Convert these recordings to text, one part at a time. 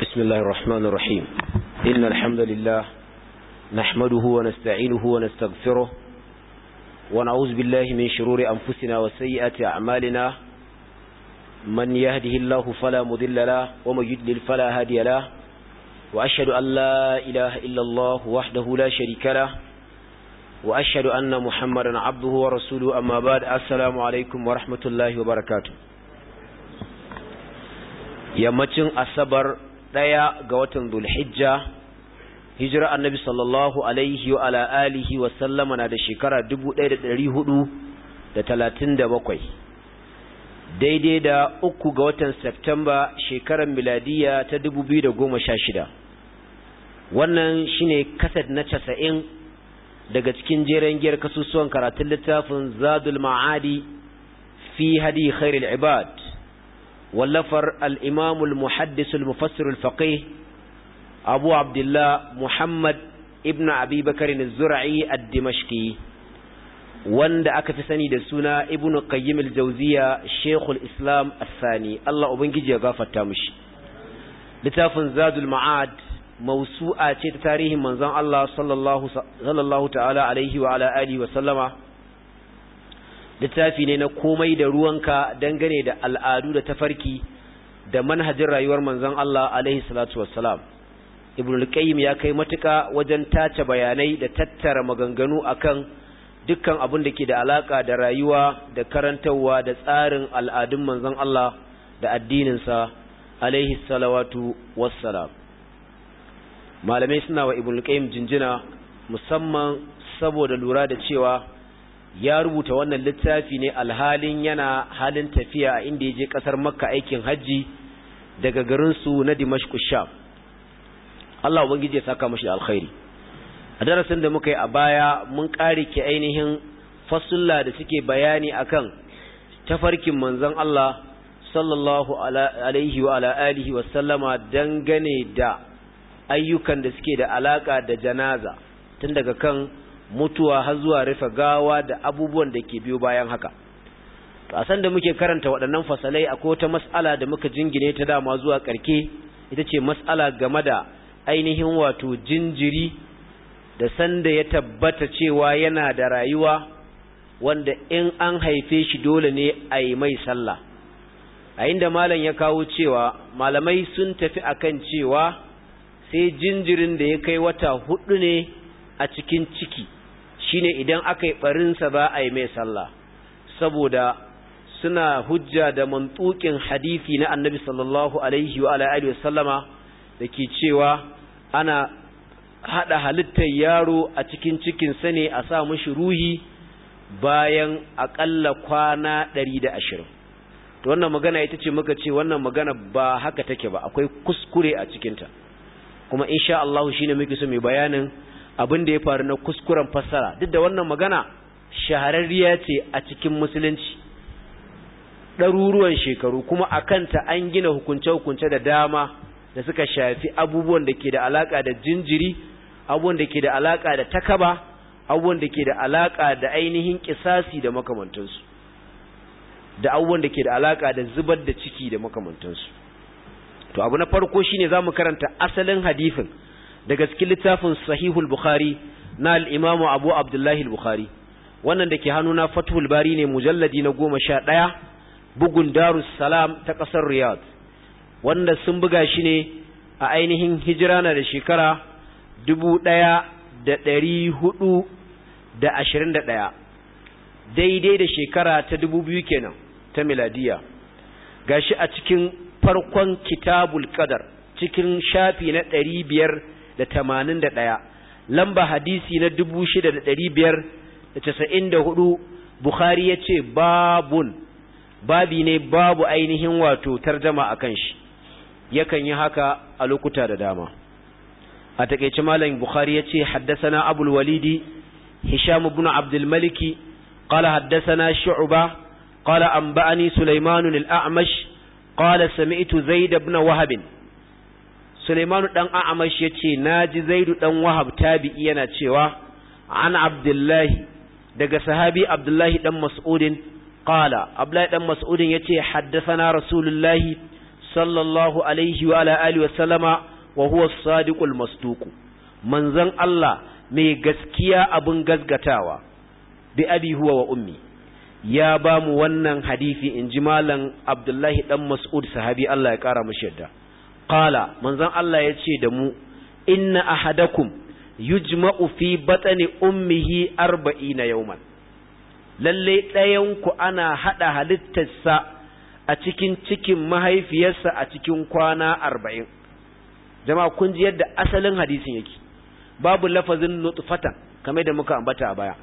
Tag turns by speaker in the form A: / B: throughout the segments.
A: بسم الله الرحمن الرحيم إن الحمد لله نحمده ونستعينه ونستغفره ونعوذ بالله من شرور أنفسنا وسيئات أعمالنا من يهده الله فلا مذل له ومن يدلل فلا هادي له وأشهد أن لا إله إلا الله وحده لا شريك له وأشهد أن محمدا عبده ورسوله أما بعد السلام عليكم ورحمة الله وبركاته yammacin asabar ɗaya ga watan Dhulhijja hijira annabi sallallahu alaihi wa ala alihi wa sallama na da shekara 1437 daidai da uku ga watan Septemba shekarar miladiya ta 2016 wannan shine kasad na casa'in daga cikin jeren giyar kasusuwan karatun littafin Zadul Ma'adi fi hadi khairul ibad wallafar al'imamul muhaddisul mufassirul faƙi abu abdullah muhammad ibn abi bakarin zura'i ad wanda aka fi sani da suna ibn qayyim al-jawziya islam ath-thani Allah ubangiji ya gafarta mishi littafin zadul ma'ad mawsu'a ce ta tarihin manzon Allah sallallahu sallallahu wa ala alihi wa sallama littafi ne na komai da ruwanka dangane da al'adu da tafarki da manhajin rayuwar manzon Allah alaihi salatu wassalam ibn al-qayyim ya kai matuka wajen tace bayanai da tattara maganganu akan dukkan abin da ke da alaka da rayuwa da karantawa da tsarin al'adun manzon Allah da addinin sa alaihi salawatu wassalam malamai suna wa ibn al-qayyim jinjina musamman saboda lura da cewa ya rubuta wannan littafi ne alhalin yana halin tafiya a inda ya je ƙasar makka aikin hajji daga garinsu na dimashku sham Allah ubangiji ya saka mashi alkhairi a darasin da muka yi a baya mun ƙari ki ainihin fasulla da suke bayani akan tafarkin manzon Allah sallallahu alaihi wa alihi wa sallama dangane da ayyukan da suke da alaka da janaza tun daga kan mutuwa har zuwa rufe gawa da abubuwan da ke biyu bayan haka a san da muke karanta waɗannan fasalai a wata mas'ala da muka jingine ta dama zuwa ƙarke ita ce mas'ala game da ainihin wato jinjiri da sanda ya tabbata cewa yana da rayuwa wanda in an haife shi dole ne a yi mai sallah a inda malam ya kawo cewa malamai sun tafi a kan cewa sai jinjirin da ya kai wata hudu ne a cikin ciki shine idan aka yi barinsa ba a yi mai sallah saboda suna hujja da mantukin hadisi na annabi sallallahu alaihi wa alaihi wa sallama da ke cewa ana hada halittar yaro a cikin cikin sani a sa mashi ruhi bayan akalla kwana 120 to wannan magana ita ce muka ce wannan magana ba haka take ba akwai kuskure a cikinta kuma insha Allah shine muke so mai bayanin abin da ya faru na kuskuren fassara duk da wannan magana shahararriya ce a cikin musulunci ɗaruruwan shekaru kuma a kanta an gina hukunce-hukunce da dama da suka shafi abubuwan da ke da alaƙa da jinjiri abubuwan da ke da alaƙa da takaba abubuwan da ke da alaƙa da ainihin ƙisasi da makamantansu da abubuwan da ke da alaƙa da zubar da ciki da makamantansu to abu na farko shine za mu karanta asalin hadifin daga cikin littafin sahihul bukhari na al-imamu abu abdullahi al-bukhari wannan da ke na fathul bari ne mujalladi na goma sha ɗaya bugun darus salam ta ƙasar riyadh wanda sun buga shi ne a ainihin hijira na da shekara dubu ɗaya da ɗari hudu da ashirin da ɗaya daidai da shekara ta dubu biyu kenan ta miladiya gashi a cikin farkon kitabul qadar cikin shafi na ɗari biyar da tamanin da ɗaya lamba hadisi na dubu shida da ɗari biyar da casa'in da hudu bukhari ya ce babun babi ne babu ainihin wato tarjama a kan shi yakan yi haka a lokuta da dama a taƙaice malam bukhari ya ce haddasana abul walidi hisham ibn abdul maliki qala haddasana shu'ba qala anba'ani sulaiman al-a'mash qala sami'tu zaid ibn wahab Sulaimanu dan A'amash yace naji Zaidu dan Wahab tabi'i yana cewa an Abdullahi daga sahabi Abdullahi dan Mas'udin qala Abdullahi dan Mas'udin yace haddathana Rasulullahi sallallahu alaihi wa ala alihi wa sallama wa huwa as-sadiqul masduq Allah mai gaskiya abin gasgatawa bi abi huwa wa ummi ya ba mu wannan hadisi ji malam Abdullahi dan Mas'ud sahabi Allah ya kara mashi yadda qala manzon Allah ya ce da mu inna ahadakum yujma'u fi batni ummihi 40 yawman lalle ɗayan ana haɗa halittarsa a cikin cikin mahaifiyarsa a cikin kwana arba'in? jama'a kun ji yadda asalin hadisin yake babu lafazin nutfatan kamar da muka ambata a baya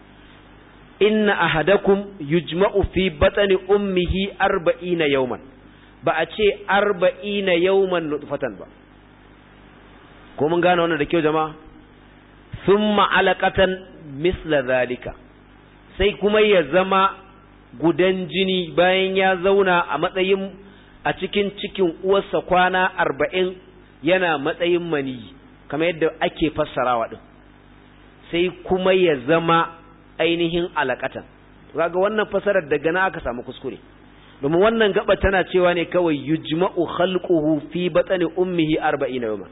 A: inna ahadakum yujma'u fi batni ummihi 40 yawman ba a ce arba'ina yawman nutfatan ba ko mun gane wannan da kyau jama sun ma'alakatan misla zalika sai kuma ya zama gudan jini bayan ya zauna a matsayin a cikin cikin uwarsa kwana arba'in yana matsayin mani kamar yadda ake fassara waɗin sai kuma ya zama ainihin alakatan kaga wannan fasarar daga na aka samu kuskure domin wannan gaba tana cewa ne kawai yujma'u khalquhu fi batni ummihi 40 yawma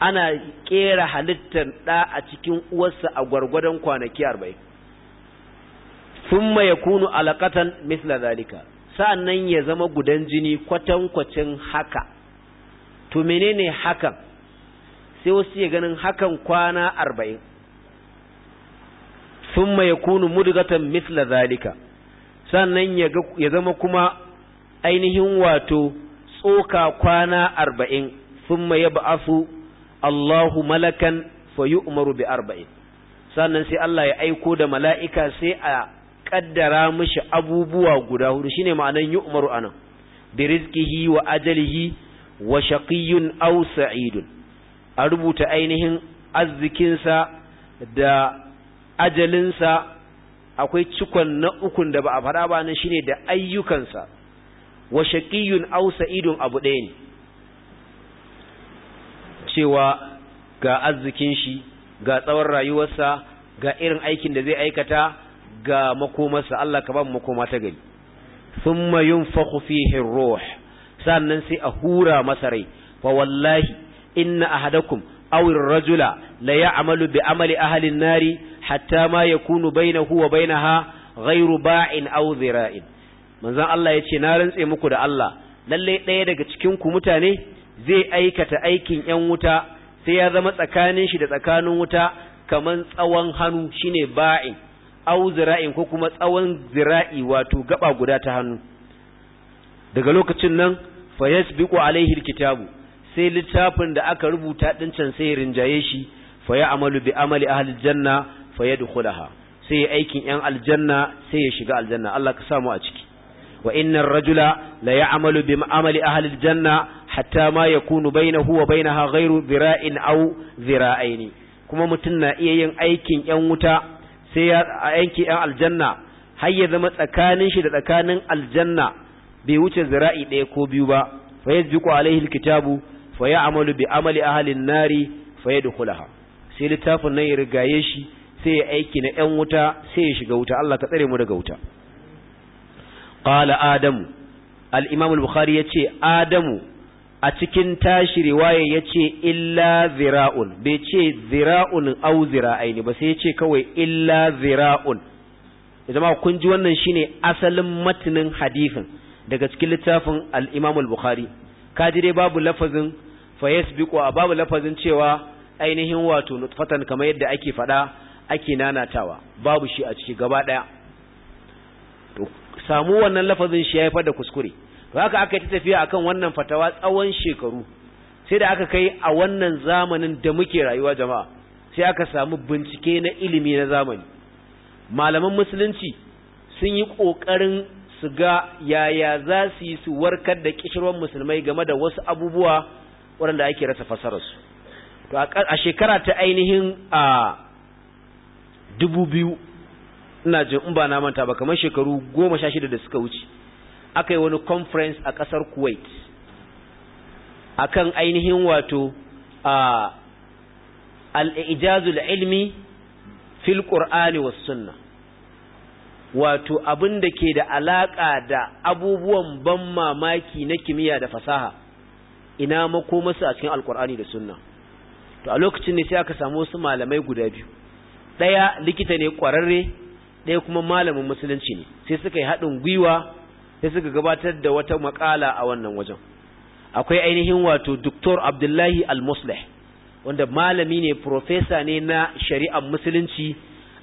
A: ana kera halittar da a cikin uwarsa a gwargwadon kwanaki 40 thumma yakunu alaqatan mithla zalika sa'annan ya zama gudan jini kwatan kwacin haka to menene hakan sai wasu ya ganin hakan kwana 40 thumma yakunu mudghatan mithla zalika sannan ya zama kuma ainihin wato tsoka kwana arba'in sun ma ba'asu Allahu malakan fayi umaru bi arba'in sannan sai Allah ya aiko da mala'ika sai a ƙaddara mashi abubuwa guda hudu shine ma'anan yi umaru anan bi rizkihi wa ajalihi wa shaƙiyun aw sa'idun a rubuta ainihin arzikinsa da ajalinsa akwai cikon na ukun da ba a faɗa ba nan shine da ayyukansa wa shaqiyun aw sa'idun abu ɗaya ne cewa ga arzikin shi ga tsawon rayuwarsa ga irin aikin da zai aikata ga makomarsa Allah ka ba mu makoma ta gari thumma yunfakhu fihi ruh sannan sai a hura masarai rai fa wallahi inna ahadakum Aurin rajula la ya'malu bi amali ahli an-nari hatta ma ya kunu yakunu bainahu wa bainaha ghairu ba'in aw dhira'in manzon Allah ya ce na rantse muku da Allah Lallai ɗaya daga cikin ku mutane zai aikata aikin yan wuta sai ya zama tsakanin shi da tsakanin wuta kaman tsawon hannu shine ba'in aw ko kuma tsawon zira'i wato gaɓa guda ta hannu daga lokacin nan fa yasbiqu alaihi alkitabu sai littafin da aka rubuta din can sai rinjaye shi fa ya amalu bi amali ahli janna fa yadkhulaha sai aikin yan aljanna sai ya shiga aljanna Allah ka samu a ciki wa innar rajula la ya'malu bi amali ahli aljanna hatta ma yakunu bainahu wa bainaha ghairu dhira'in aw ne. kuma mutun na iya yin aikin yan wuta sai ya aiki yan aljanna har ya zama tsakanin shi da tsakanin aljanna bai wuce zira'i ɗaya ko biyu ba fa yasbiqu alaihi alkitabu fa amalu bi amali ahli nari fa yadkhulaha sai littafin nan ya rigaye shi sai ya aiki na 'yan wuta sai ya shiga wuta Allah ka tsare mu daga wuta qala adamu al-imam al-bukhari yace adamu a cikin tashi riwaya yace illa zira'un bai ce zira'un au ne ba sai yace kawai illa zira'un Zama kun ji wannan shine asalin matinin hadisin daga cikin littafin al-imam al-bukhari dai babu lafazin fa yasbiqu a babu lafazin cewa ainihin wato nutfatan kamar yadda ake fada ake nanatawa babu shi a ciki gaba daya to samu wannan lafazin shi ya haifar da kuskure haka aka yi tafiya akan wannan fatawa tsawon shekaru sai da aka kai a wannan zamanin da muke rayuwa jama'a sai aka samu bincike na ilimi na zamani malaman musulunci sun yi ƙoƙarin su ga yaya za su yi su warkar da kishirwan musulmai game da wasu abubuwa waɗanda ake rasa fasararsu to a shekara ta ainihin a dubu biyu ina jin in ba na manta ba kamar shekaru goma sha shida da suka wuce aka yi wani conference a ƙasar kuwait akan ainihin wato a al'ijazul ilmi fil ƙur'ani was sunna wato abin da ke da alaƙa da abubuwan ban mamaki na kimiyya da fasaha ina makomarsu a cikin alkur'ani da sunna to a lokacin ne sai aka samu wasu malamai guda biyu ɗaya likita ne ƙwararre ɗaya kuma malamin musulunci ne sai suka yi haɗin gwiwa sai suka gabatar da wata makala a wannan wajen akwai ainihin wato doktor abdullahi al-musleh wanda malami ne profesa ne na shari'ar musulunci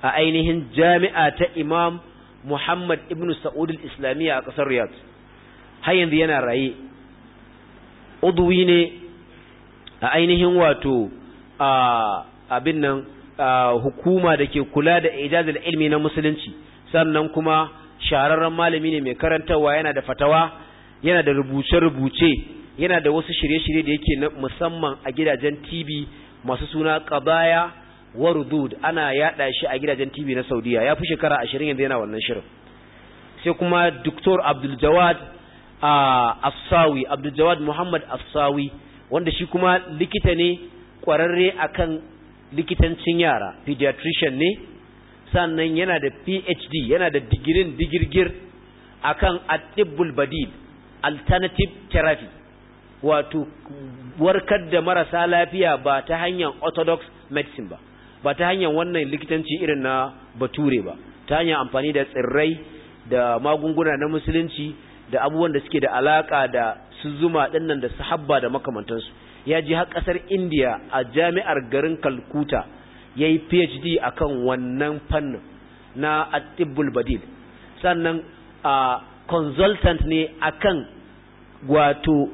A: a ainihin jami'a ta imam muhammad ibn sa'ud al-islamiyya a ƙasar riyadh har yanzu yana raye udwi ne a ainihin wato a abin nan hukuma da ke kula da ijazul ilmi na musulunci sannan kuma shahararren malami ne mai karantarwa yana da fatawa yana da rubuce-rubuce yana da wasu shirye-shirye da yake na musamman a gidajen TV masu suna Qabaya Warudud ana yada shi a gidajen TV na Saudiya ya fi shekara 20 yanzu yana wannan shirin sai kuma Dr. Abdul Jawad Assawi Abdul Muhammad Assawi wanda shi kuma likita ne kwararre akan likitancin yara pediatrician ne sannan yana da PhD yana da digirin digirgir akan atibul badil alternative therapy wato warkar da marasa lafiya ba ta hanyar orthodox medicine ba ba ta hanyar wannan likitanci irin na bature ba ta hanyar amfani da tsirrai da magunguna na musulunci da abubuwan da suke da alaka da su zuma dinnan da sahabba da makamantansu ya ji har kasar Indiya a jami'ar garin Calcutta yayi PhD akan wannan fannin na at-tibbul badil sannan a consultant ne akan wato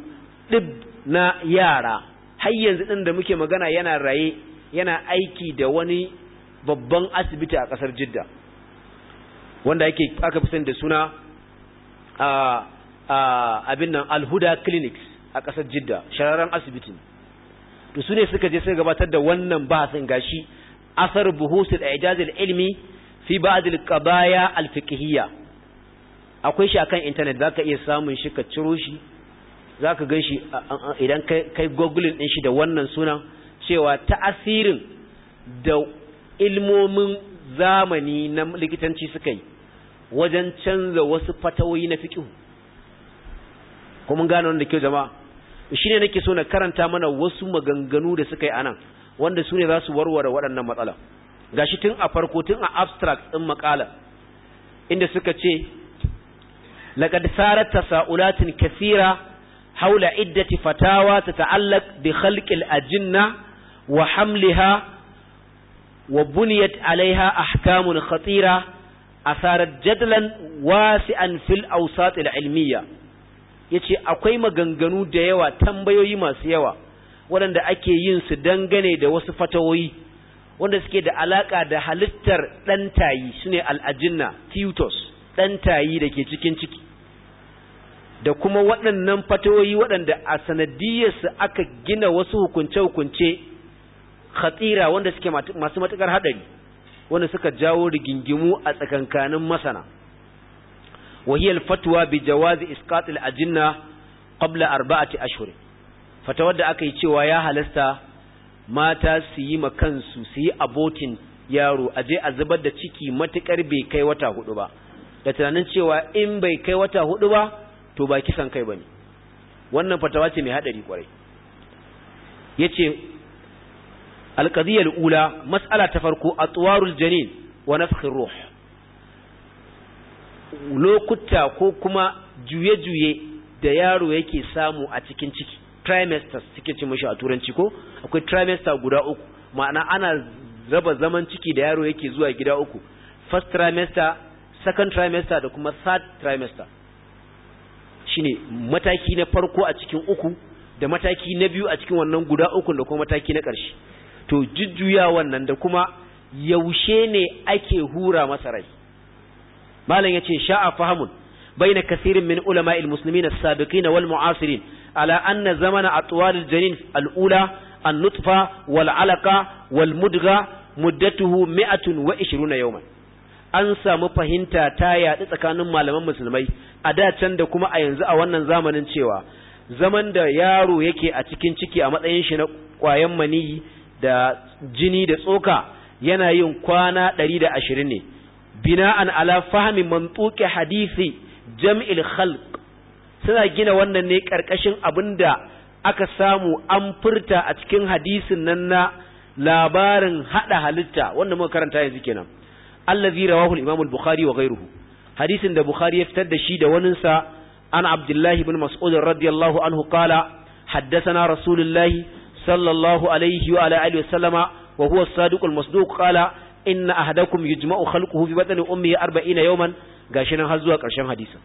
A: dib na yara har yanzu din da muke magana yana raye yana aiki da wani babban asibiti a kasar Jidda wanda yake aka fi sani da suna abin nan alhuda clinics a ƙasar jidda shararren asibitin to su ne suka je suka gabatar da wannan bahasin gashi asar buhusul ijazil ilmi fi ba'dil al-qadaya al-fiqhiyya akwai shi akan internet zaka iya samun shi ka ciro shi zaka gan shi idan kai kai google din shi da wannan sunan cewa ta'asirin da ilmomin zamani na likitanci suka yi wajen canza wasu fatawoyi na fiqh ko mun gane wanda kyau jama'a shine nake so na karanta mana wasu maganganu da suka yi anan wanda su ne za su warware waɗannan matsala gashi tun a farko tun a abstract ɗin maƙala. inda suka ce laqad sarat tasa'ulatin kathira haula iddati fatawa tata'allaq bi khalqil ajinna wa hamliha wa buniyat alaiha ahkamun khatira asarar jadlan wasi'an fil awsat al-ilmiya yace akwai maganganu da yawa tambayoyi masu yawa waɗanda ake yin su dangane da wasu fatawoyi wanda suke da alaka da halittar ɗan tayi shine al-ajinna tutus ɗan tayi da ke cikin ciki da kuma waɗannan fatawoyi waɗanda a sanadiyarsu aka gina wasu hukunce-hukunce khatira wanda suke masu matukar hadari wanda suka jawo rigingimu a tsakankanin masana wahiyar fatwa bi jawazi isqatil ajinna qabla arba'ati ashhur fatawar da aka yi cewa ya halasta mata su yi ma kansu su yi abotin yaro a je a zubar da ciki matukar bai kai wata hudu ba da tunanin cewa in bai kai wata hudu ba to ba kisan kai bane wannan fatawa ce mai hadari kwarai yace القضية الأولى مسألة تفرق أطوار الجنين ونفخ الروح lokuta ko kuma juye-juye da yaro yake samu a cikin trimesters suke ce mashi a turanci ko akwai trimester guda uku ma'ana ana raba zaman ciki da yaro yake zuwa gida uku first trimester second trimester da kuma third trimester shine mataki na farko a cikin uku da mataki na biyu a cikin wannan guda uku da kuma mataki na ƙarshe to jujjuya wannan da kuma yaushe ne ake hura masa rai malam ya ce sha'a fahamun baina kasirin min ulama almuslimin as-sabiqin wal mu'asirin ala anna zamana atwal al-janin al-ula an-nutfa wal 'alaqa wal mudgha muddatuhu 120 yawman an samu fahimta ta yaɗu tsakanin malaman musulmai a da can da kuma a yanzu a wannan zamanin cewa zaman da yaro yake a cikin ciki a matsayin shi na kwayan maniyi da jini da tsoka yana yin kwana ashirin ne bina'an ala fahmi mantuqi hadisi jam'il khalq suna gina wannan ne ƙarƙashin abin da aka samu an furta a cikin hadisin nan na labarin haɗa halitta wanda muka karanta yanzu kenan allazi rawahu al-imam al-bukhari wa ghayruhu hadisin da bukhari ya fitar da shi da waninsa an abdullahi ibn mas'ud radiyallahu anhu qala haddathana rasulullahi sallallahu alaihi wa ala alihi wasallama wa huwa as-sadiqul masduq qala inna ahadakum yujma'u khalquhu fi batni ummihi 40 yawman gashi har zuwa ƙarshen hadisin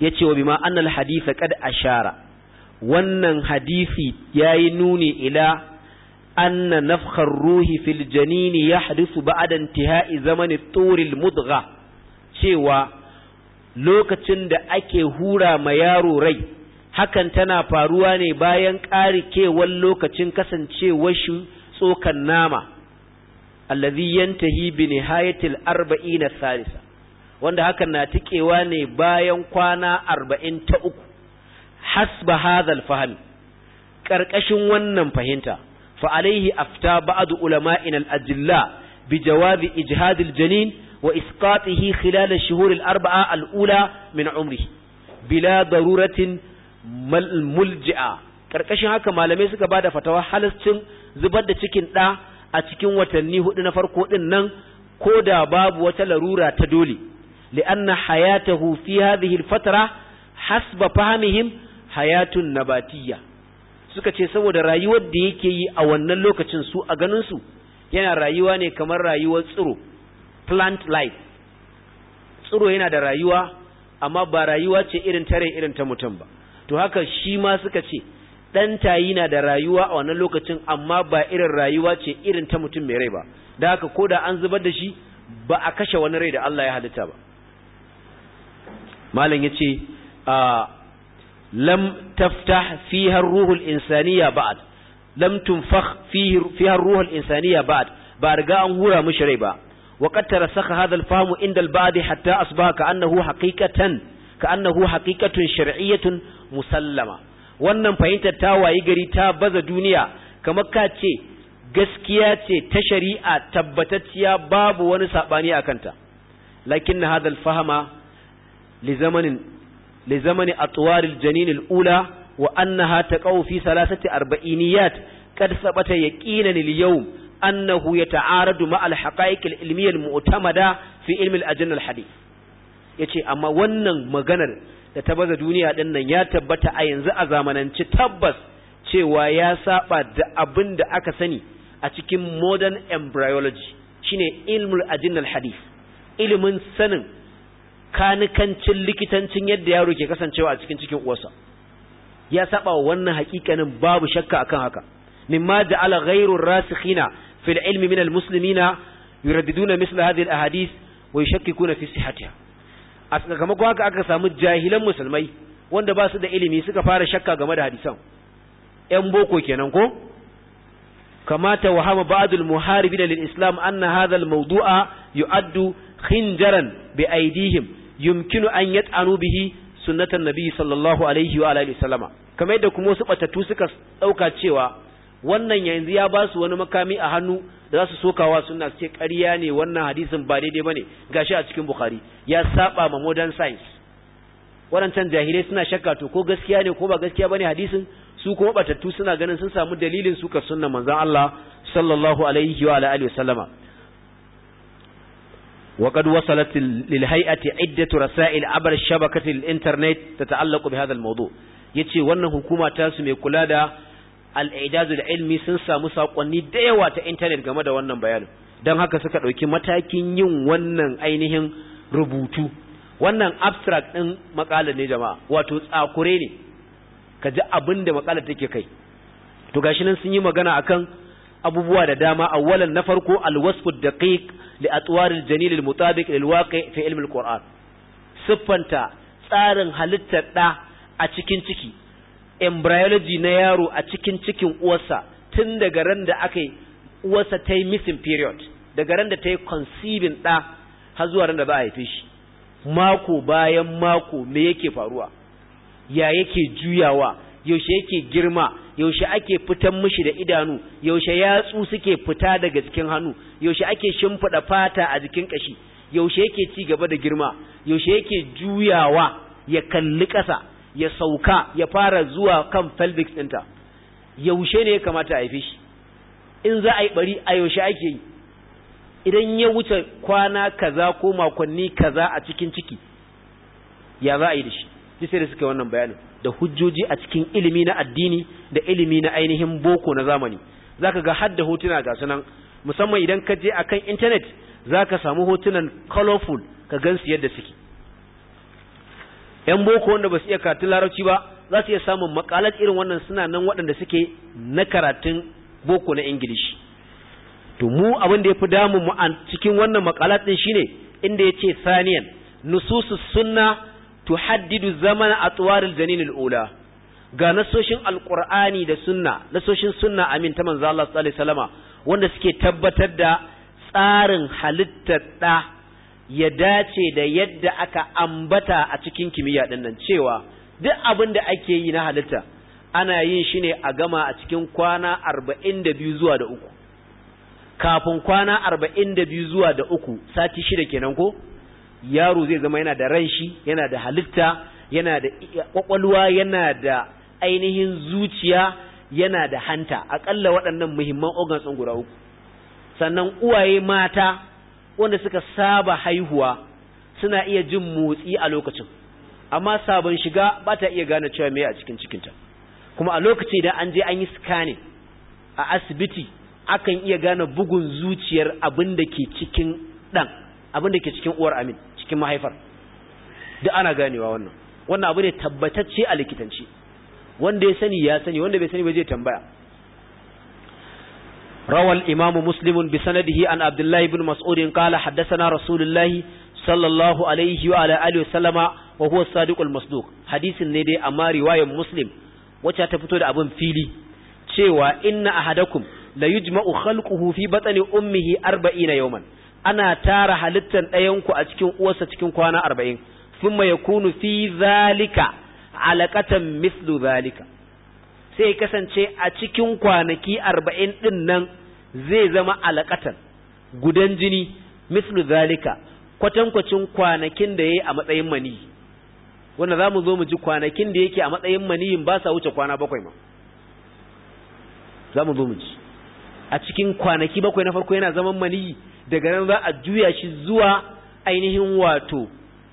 A: yace wa bima annal haditha qad ashara wannan hadisi yayi nuni ila anna nafkhar ruhi fil janin yahdisu ba'da intihai zamani turil mudgha cewa lokacin da ake hura ma yaro rai hakan tana faruwa ne bayan ƙarikewar lokacin kasancewar shi tsokan nama allazi yantahi bi nihayatil arba'ina salisa wanda hakan na tikewa ne bayan kwana arba'in ta uku hasba hadhal fahmi karkashin wannan fahimta fa alaihi afta ba'd ulama'ina al-ajilla bi jawabi ijhadil janin wa isqatihi khilal ash-shuhur al-arba'a al-ula min umrihi bila daruratin mulji'a karkashin haka malamai suka ba da fatawa halascin zubar da cikin ɗa a cikin watanni hudu na farko din nan ko da babu wata larura ta dole li'anna hayatahu fi hadhihi al-fatra hasba fahmihim hayatun nabatiyya suka ce saboda rayuwar da yake yi a wannan lokacin su a ganin su yana rayuwa ne kamar rayuwar tsiro plant life tsiro yana da rayuwa amma ba rayuwa ce irin tare irin ta mutum ba to haka shi ma suka ce dan tayi na da rayuwa a wannan lokacin amma ba irin rayuwa ce irin ta mutum mai rai ba da haka ko da an zubar da shi ba a kashe wani rai da Allah ya halitta ba malam yace a lam taftah fiha ruhul insaniya ba'd lam tunfakh fiha ruhul insaniya ba'd ba riga an hura mishi rai ba وقد ترسخ هذا inda عند hatta حتى أصبح كأنه حقيقة كأنه حقيقة شرعية musallama wannan fahimtar ta wayi gari ta baza duniya kamar ka ce gaskiya ce ta shari'a tabbatacciya babu wani sabani a kanta lakin na hadal fahama li zamanin li zamani atwaril janinil ula wa annaha ta fi salasati arba'iniyat qad sabata yaqinan lil yawm annahu ya ma al haqa'iq ilmiyar mu'tamada fi ilmin al ajna al hadith amma wannan maganar da ta baza duniya din nan ya tabbata a yanzu a zamanance tabbas cewa ya saba da abin da aka sani a cikin modern embryology shine ilmul ajinnal hadith ilimin sanin kanikancin likitancin yadda yaro ke kasancewa a cikin cikin uwarsa ya saba wa wannan hakikanin babu shakka akan haka mimma ja'ala ghayru rasikhina fil ilmi min al muslimina yuraddiduna misla hadhihi al ahadith wa na fi sihhatiha a sakamakon haka aka samu jahilan musulmai wanda ba su da ilimi suka fara shakka game da hadisan ‘yan boko kenan ko kamata wahama ba'adul da lil islam anna hazal maudu'a mawdu'a yu'addu hinjaran bi aidihim yumkinu an yat'anu bihi sunnatan nabi sallallahu alaihi wa alihi salama. kamar yadda kuma wasu batatu suka ɗauka cewa wannan yanzu ya ba su wani makami a hannu da za su sokawa suna ce ƙarya ne wannan hadisin ba daidai ba ne gashi a cikin bukhari ya saba ma modern science waɗancan jahilai suna shakka to ko gaskiya ne ko ba gaskiya ba ne hadisin su kuma batattu suna ganin sun samu dalilin suka sunna manzan Allah sallallahu alaihi wa alihi wa sallama وقد وصلت للهيئة عدة رسائل عبر شبكة الانترنت تتعلق بهذا الموضوع yace wannan hukuma ta su mai kula da al'aidazu da ilmi sun samu saƙonni da yawa ta intanet game da wannan bayanin don haka suka ɗauki matakin yin wannan ainihin rubutu wannan abstract ɗin makalar ne jama'a wato tsakure ne ka ji abin da makalar take kai to gashi nan sun yi magana akan abubuwa da dama a walan na farko alwasfu daqiq da atwar aljanil almutabiq lilwaqi fi ilm alquran siffanta tsarin halittar ɗa a cikin ciki embryology na yaro a cikin cikin uwarsa tun daga ran da aka yi uwarsa ta yi missing period daga ran da ta yi conceiving ɗa har zuwa ran da ba a haife shi mako bayan mako me yake faruwa ya yake juyawa yaushe yake girma yaushe ake fitan mishi da idanu yaushe yatsu suke fita daga cikin hannu yaushe ake shimfiɗa fata a jikin ƙashi yaushe yake ci gaba da girma yaushe yake juyawa ya kalli ƙasa ya sauka ya fara zuwa kan pelvic ɗinta yaushe ne ya kamata a haife shi in za a yi bari a yaushe ake yi idan ya wuce kwana kaza ko makonni kaza a cikin ciki ya za a yi da shi sai da suka wannan bayanin da hujjoji a cikin ilimi na addini da ilimi na ainihin boko na zamani zaka ga hadda hotuna ga nan? musamman idan ka je akan internet zaka samu hotunan colorful ka gan su yadda suke yan boko wanda ba su iya karatun larabci ba za su iya samun makalat irin wannan suna nan waɗanda suke na karatun boko na ingilishi to mu abin da ya fi damun mu a cikin wannan makalat din shine inda ya ce saniyan nususu sunna tuhaddidu zamana atwaril janinil al’ula ga nasoshin Alƙur'ani da sunna nasoshin sunna amin ta manzo Allah sallallahu alaihi wanda suke tabbatar da tsarin halittar da ya dace da yadda aka ambata a cikin kimiyya ɗinnan nan cewa duk abin da ake yi na halitta ana yin shi ne a gama a cikin kwana arba'in da biyu zuwa da uku kafin kwana arba'in da biyu zuwa da uku sati shida kenan ko yaro zai zama yana da ran shi yana da halitta yana da kwakwalwa yana da ainihin zuciya yana da hanta akalla waɗannan muhimman organs ɗin guda uku sannan uwaye mata wanda suka saba haihuwa suna iya jin motsi a lokacin amma sabon shiga ba ta iya gane cewa me a cikin cikinta kuma a lokaci idan an je an yi scanning a asibiti akan iya gane bugun zuciyar abin da ke cikin dan abin da ke cikin uwar amin cikin mahaifar duk ana ganewa wannan wannan abu ne tabbatacce a likitanci wanda ya sani ya sani wanda bai sani ba zai tambaya روى الإمام مسلم بسنده عن عبد الله بن مسعود قال حدثنا رسول الله صلى الله عليه وعلى آله وسلم وهو الصادق المصدوق حديث ندي أما رواية مسلم wacce ta fito da abin fili cewa inna ahadakum la yujma'u khalquhu fi batni ummihi 40 yawman ana tara halittar ɗayanku a cikin uwarsa cikin kwana 40 thumma yakunu fi zalika alaqatan mithlu sai kasance a cikin kwanaki arba'in ɗin nan zai zama alaƙatan gudan jini mislu zalika kwatankwacin kwanakin da ya yi a matsayin mani wanda za mu zo mu ji kwanakin da yake a matsayin maniyin ba sa wuce kwana bakwai ma za mu zo mu ji a cikin kwanaki bakwai na farko yana zaman maniyi daga nan za a juya shi zuwa ainihin wato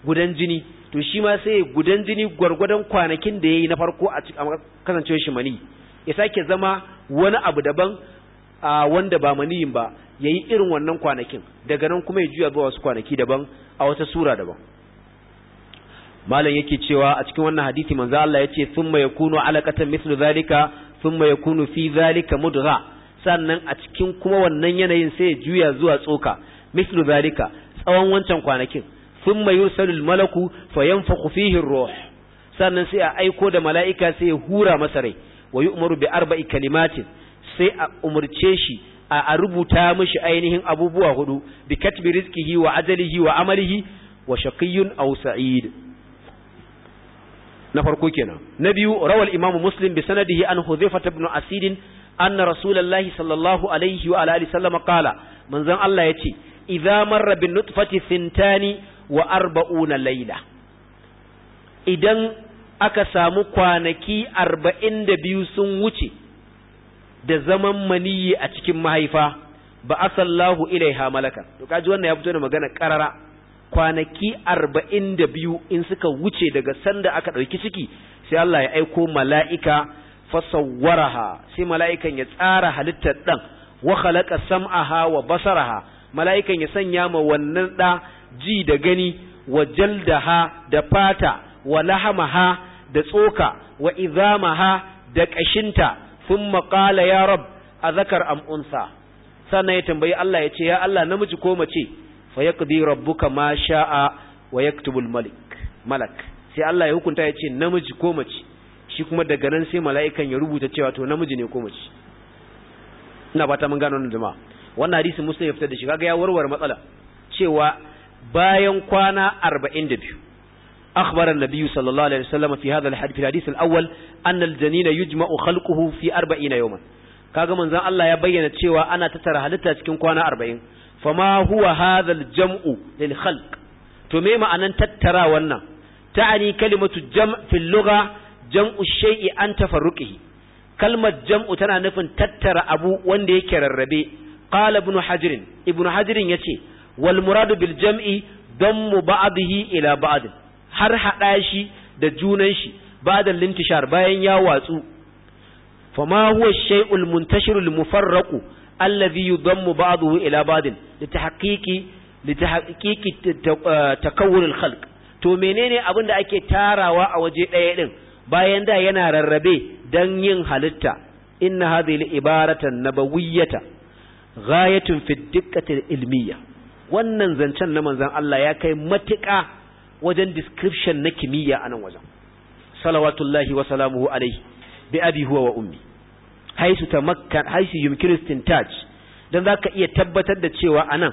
A: gudan jini to shi ma sai gudan jini gwargwadon kwanakin da ya yi na farko a kasancewar shi mani ya sake zama wani abu daban a wanda ba maniyin ba ya yi irin wannan kwanakin daga nan kuma ya juya zuwa wasu kwanaki daban a wata sura daban malam yake cewa a cikin wannan hadisi manzo Allah yace thumma yakunu alaqatan mithlu zalika thumma yakunu fi zalika mudgha sannan a cikin kuma wannan yanayin sai ya juya zuwa tsoka mithlu zalika tsawon wancan kwanakin thumma yursalu al-malaku fayanfukhu fihi ar-ruh sannan sai a aiko da mala'ika sai ya hura masa rai wa yu'maru bi arba'i kalimatin sai a umurce shi a rubuta mishi ainihin abubuwa hudu bi katbi rizqihi wa ajalihi wa amalihi wa shaqiyyun aw sa'id na farko kenan na biyu rawal imam muslim bi sanadihi an hudhaifa ibn asid anna rasulullahi sallallahu alaihi wa alihi sallama qala manzon Allah yace idza marra bin nutfati thintani wa arba'una laila idan aka samu kwanaki arba'in da biyu sun wuce da zaman maniyi a cikin mahaifa ba asallahu ilaiha malaka to kaji wannan ya fito da magana karara kwanaki arba'in da biyu in suka wuce daga sanda aka ɗauki ciki sai Allah ya aiko mala'ika fasawwaraha sai mala'ikan ya tsara halittar ɗan wa khalaqa sam'aha wa basaraha mala'ikan ya sanya ma wannan ɗa ji da gani wa jaldaha da fata wa lahamaha da tsoka wa izamaha da kashinta sun maƙala ya rab a zakar amunsa sannan ya tambayi Allah ya ce ya Allah namiji ko mace fa ya yaqdi rabbuka ma sha'a wa ya malik malak sai Allah ya hukunta ya ce namiji ko mace shi kuma daga nan sai mala'ikan ya rubuta cewa to namiji ne ko mace ina ta mun gano wannan jama'a wannan hadisi muslim ya fitar da shi kaga ya warware matsala cewa bayan kwana 42 أخبر النبي sallallahu alaihi عليه وسلم في هذا الحديث في الحديث الأول أن الجنين يجمع خلقه في kaga manzon Allah ya bayyana cewa ana tattara halitta cikin kwana 40 fama huwa hadha al-jam'u lil khalq to me ma'anan tattara wannan ta'ani kalimatu jam' fil lugha jam'u shay'i an tafarruqihi kalmar jam'u tana nufin tattara abu wanda yake rarrabe qala ibn hajr ibn hajr yace wal muradu bil jam'i dammu ba'dihi ila ba'd har hada shi da junan shi ba'da lintishar bayan ya watsu fama huwa shay'ul muntashiru al mufarraqu alladhi yudammu ba'dahu ila ba'd litahqiqi litahqiqi takawun al khalq to menene abin da ake tarawa a waje ɗaya din bayan da yana rarrabe dan yin halitta inna hadhihi al ibaratan nabawiyyata ghayatun fi dikkati al ilmiyya wannan zancen na manzan Allah ya kai matuƙa wajen description na kimiyya a nan wajen salawatullahi wa salamuhu alaihi bi abi huwa wa ummi haisu tamakkan haisu yumkinu istintaj dan zaka iya tabbatar da cewa anan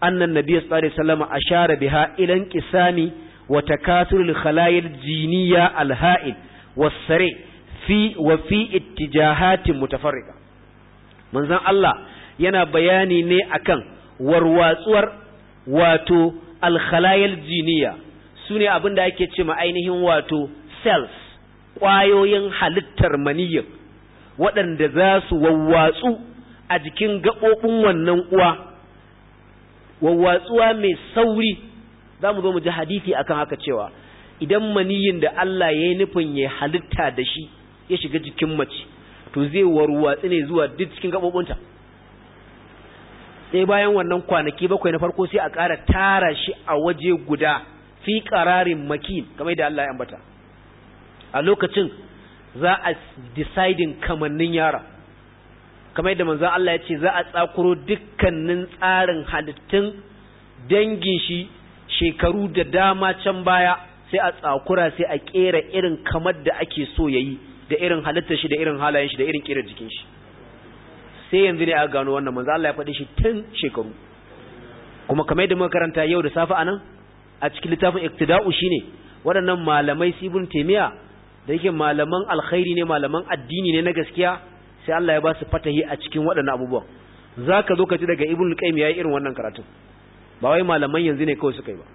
A: annan nabiy sallallahu alaihi wasallam ashara biha ila inqisami wa takathurul khalayil jiniya al alha'il wasare fi wa fi ittijahatin mutafarriqa Manzan Allah yana bayani ne akan warwatsuwar wato alkhalayal jiniya su abin da ake ce ma ainihin wato cells ƙwayoyin halittar maniyyar waɗanda za su wawwatsu a jikin gaɓoɓin wannan uwa wawwatsuwa mai sauri za mu zo mu ji hadisi akan haka cewa idan maniyyin da Allah ya nufin ya halitta da shi ya shiga jikin mace to zai warwatsu ne zuwa duk cikin gaɓoɓinta sai bayan wannan kwanaki bakwai na farko sai a ƙara tara shi a waje guda fi ƙararin makin kamar da Allah ya ambata a lokacin za a deciding kamannin yara kamar da manzo Allah ya ce za a tsakuro dukkanin tsarin halittun dangin shi shekaru da dama can baya sai a tsakura sai a kera irin kamar da ake so yayi da irin halittar shi da irin halayen shi da irin kirar jikin shi sai yanzu ne a gano wannan manzo Allah ya faɗi shi tun shekaru kuma kamar yadda muka karanta yau da safe anan a cikin littafin iktida'u shine waɗannan malamai sibun temiya da yake malaman alkhairi ne malaman addini ne na gaskiya sai Allah ya ba su fatahi a cikin waɗannan abubuwan zaka zo ka ji daga ibnu qayyim yayi irin wannan karatu ba wai malaman yanzu ne kawai suka yi ba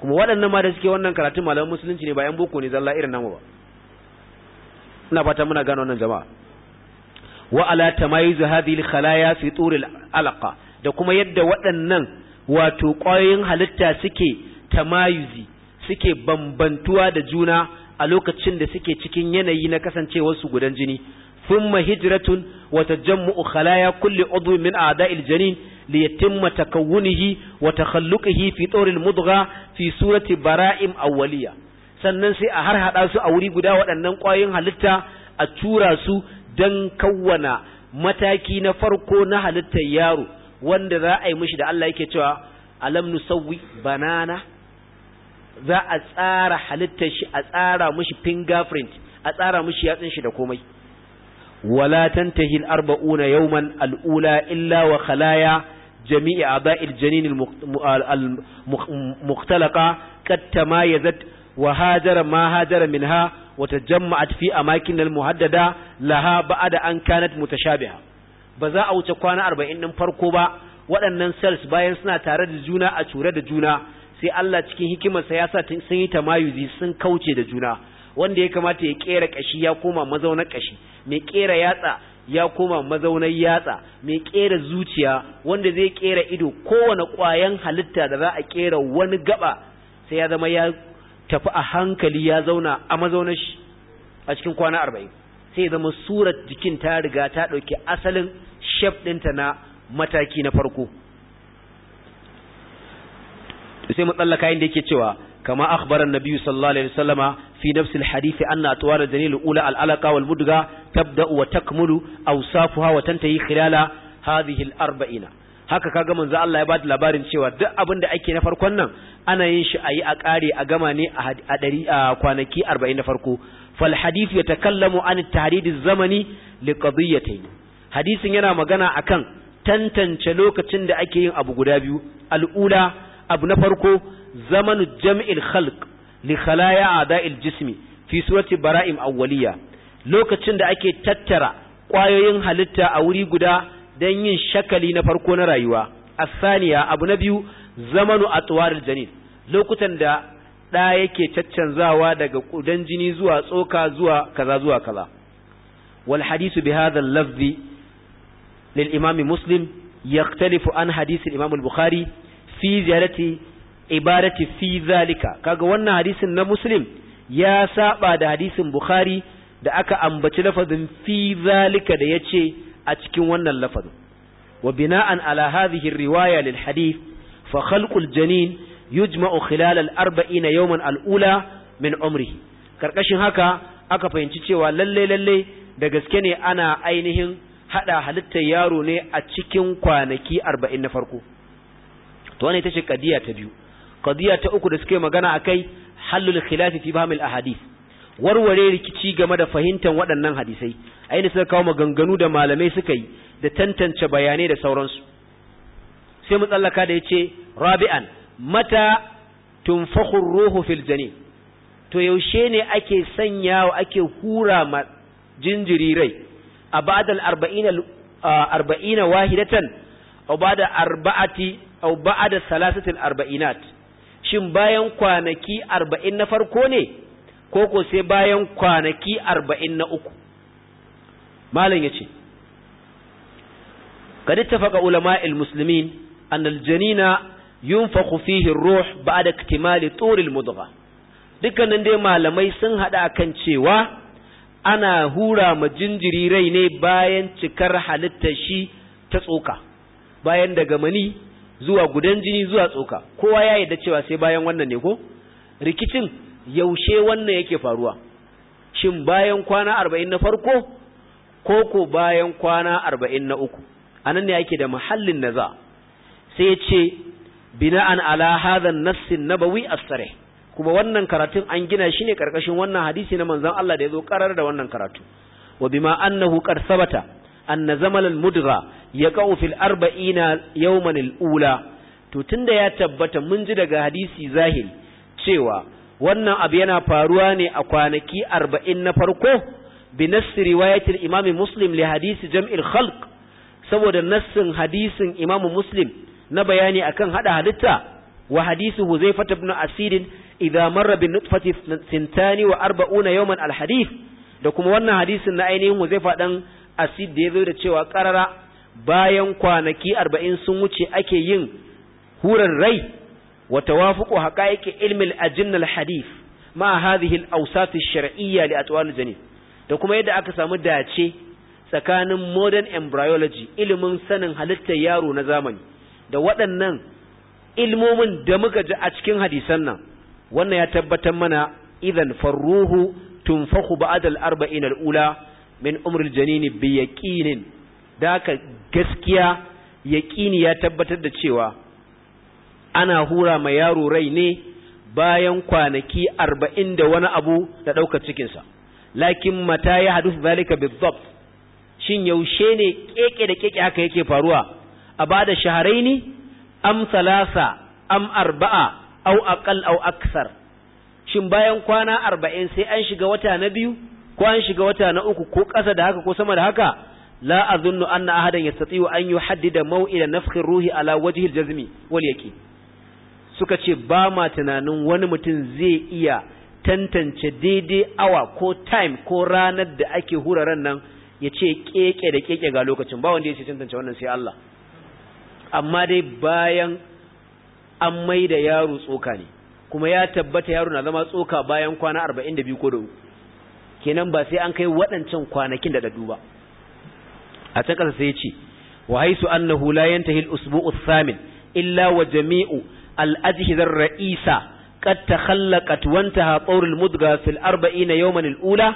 A: kuma waɗannan ma da suke wannan karatu malaman musulunci ne ba yan boko ne zalla irin nan ba ina fata muna gano wannan jama'a wa ala tamayizu hadhihi al-khalaya fi turil alaqa da kuma yadda waɗannan wato ƙwayoyin halitta suke tamayuzi suke bambantuwa da juna a lokacin da suke cikin yanayi na kasancewar su gudan jini thumma hijratun wa tajammu'u khalaya kulli udwi min a'da'il janin li takawunihi wa takhalluqihi fi turil mudgha fi surati bara'im awwaliya sannan sai a har su a wuri guda waɗannan ƙwayoyin halitta a tura su don kawwana mataki na farko na halittar yaro wanda za a yi mishi da Allah yake cewa alam nusawwi banana za a tsara halittar shi a tsara mishi fingerprint a tsara mishi yatsun shi da komai wala tantahi al-arba'una yawman al-ula illa wa khalaya jami'i aba'il janin al-mukhtalaqa qad tamayazat wa hajara ma hajara minha wa tajamma'at fi amakin al-muhaddada laha ba'da an kanat mutashabiha ba za a wuce kwana 40 din farko ba waɗannan cells bayan suna tare da juna a cure da juna sai Allah cikin hikimarsa ya sa sun yi tamayuzi sun kauce da juna wanda ya kamata ya kera kashi ya koma mazaunar kashi mai kera yatsa ya koma mazaunar yatsa mai kera zuciya wanda zai kera ido kowane ƙwayan halitta da za a kera wani gaba sai ya zama ya tafi a hankali ya zauna a mazaunar shi a cikin kwana arba'in sai zama surar jikin ta riga ta ɗauki asalin shef ɗinta na mataki na farko sai mu tsallaka inda yake cewa kama akhbaran biyu sallallahu alaihi wasallama fi nafsi alhadith anna atwar janil ula alalaqa wal mudga tabda wa takmulu awsafuha wa yi khilala hadhihi arba'ina. haka kaga manzo Allah ya bada labarin cewa duk abin da ake na farkon nan ana yin shi ayi a kare a gama ne a dari a kwanaki arba'in na farko fal hadith yatakallamu an tahdid az-zamani li qadiyatayn hadisin yana magana akan tantance lokacin da ake yin abu guda biyu al'ula abu na farko zamanu jam'il khalq li khalaya a'da'il jismi fi surati bara'im awwaliya lokacin da ake tattara kwayoyin halitta a wuri guda don yin shakali na farko na rayuwa asaniya abu na biyu zamanu tuwarar janin lokutan da ɗa yake caccanzawa daga ƙudan jini zuwa tsoka zuwa kaza zuwa kaza wal hadisu bi hadha al-lafzi lil imam muslim yaktalifu an hadisi imam al-bukhari fi ziyarati ibarati fi zalika kaga wannan hadisin na muslim ya saba da hadisin bukhari da aka ambaci lafazin fi zalika da yace a cikin wannan lafazin wa bina'an ala hadhihi riwaya lil hadith fa khalqul janin yujma'u khilal al 40 yawman al ula min umrihi karkashin haka aka fahimci cewa lalle lalle da gaske ne ana ainihin hada halittar yaro ne a cikin kwanaki 40 na farko to wannan ita ce kadiya ta biyu kadiya ta uku da suke magana akai halul khilafi fi bahmil ahadith warware rikici game da fahimtar waɗannan hadisai a inda suka kawo maganganu da malamai suka yi da tantance bayanai da sauransu sai mu tsallaka da ce rabi'an mata tunfahun ruhu filjani to yaushe ne ake sanyawa ake hura ma jinjiri rai a ba'adar 40 wahidatan aw ba'da arba'ati aw arba'inat shin bayan kwanaki arba'in na farko ne ko ko sai bayan kwanaki arba'in na uku malam ya ce Ka قد اتفق علماء المسلمين أن الجنين ينفخ ba الروح بعد اكتمال طول المضغة dukkanin dai malamai sun haɗa kan cewa ana hura ma jinjiri rai ne bayan cikar halittar shi ta tsoka bayan daga mani zuwa gudan jini zuwa tsoka kowa ya yarda cewa sai bayan wannan ne ko rikicin yaushe wannan yake faruwa shin bayan kwana arba'in na farko ko ko bayan kwana arba'in na uku a nan ne yake da mahallin za? sai ya ce bina'an ala hadhan nassin bawi a tsare kuma wannan karatun an gina shi ne karkashin wannan hadisi na manzan Allah da ya zo karar da wannan karatu wa bima na hukar sabata na zamanin mudura ya yaqa'u fil arba'ina yau al-ula to tunda ya tabbata mun ji daga hadisi zahiri cewa wannan abu yana faruwa ne a kwanaki arba'in na farko bi nassi riwayatil imam muslim li hadisi jam'il khalq saboda nassin hadisin imam muslim na bayani akan hada halitta wa hadisu huzaifat ibn asirin idza marra bi nutfati sintani wa arba'una yawman al hadith da kuma wannan hadisin na ainihin huzaifa dan asid da yazo da cewa qarara bayan kwanaki arba'in sun wuce ake yin hurar rai وتوافق حقائق علم الأجن الحديث مع هذه الأوساط الشرعية لأطوال الجنين da kuma yadda aka samu dace tsakanin modern embryology ilimin sanin halittar yaro na zamani da waɗannan ilmomin da muka ji a cikin hadisan nan wannan ya tabbatar mana idan farruhu tunfahu ba'adal al-arba'in al-ula min umri janini bi yaqinin da gaskiya yaqini ya tabbatar da cewa ana hura mai yaro rai ne bayan kwanaki arba'in da wani abu da ɗauka cikinsa lakin mata ya hadu zalika bizab shin yaushe ne keke da keke haka yake faruwa a ba da shaharaini am salasa am arba'a au aqal au aksar shin bayan kwana arba'in sai an shiga wata na biyu ko an shiga wata na uku ko ƙasa da haka ko sama da haka la azunnu anna ahadan yastati'u an yuhaddida maw'ida nafkhi ruhi ala wajhi al-jazmi wal yaqin suka ce ba ma tunanin wani mutum zai iya tantance daidai awa ko time ko ranar da ake huraren nan ya ce keke da keke ga lokacin ba wanda ya ce tantance wannan sai Allah amma dai bayan an mai da yaro tsoka ne kuma ya tabbata yaro na zama tsoka bayan kwana 42 ko da kenan ba sai an kai waɗancan kwanakin da da ba a can ƙasa sai ya ce wa haisu annahu la yantahi al-usbu'u thamin illa wa jami'u الأجهزة الرئيسة قد تخلقت وانتهى طور المدغى arba'in na يوما الأولى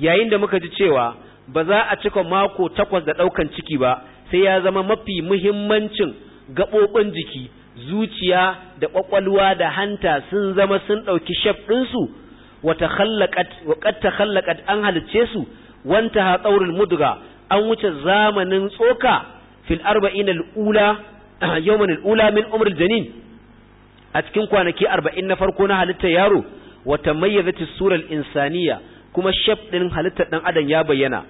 A: yayin da muka ji cewa ba za a cika mako takwas da ɗaukan ciki ba sai ya zama mafi muhimmancin gaɓoɓin jiki zuciya da ƙwaƙwalwa da hanta sun zama sun ɗauki shaf ɗinsu wata an halicce su wanta ha mudga an wuce zamanin tsoka fil arba'in al'ula yawman al'ula min umar janin a cikin kwanaki arba'in na farko na halittar yaro wata mayyazati surar insaniya kuma shaf ɗin halittar ɗan adam ya bayyana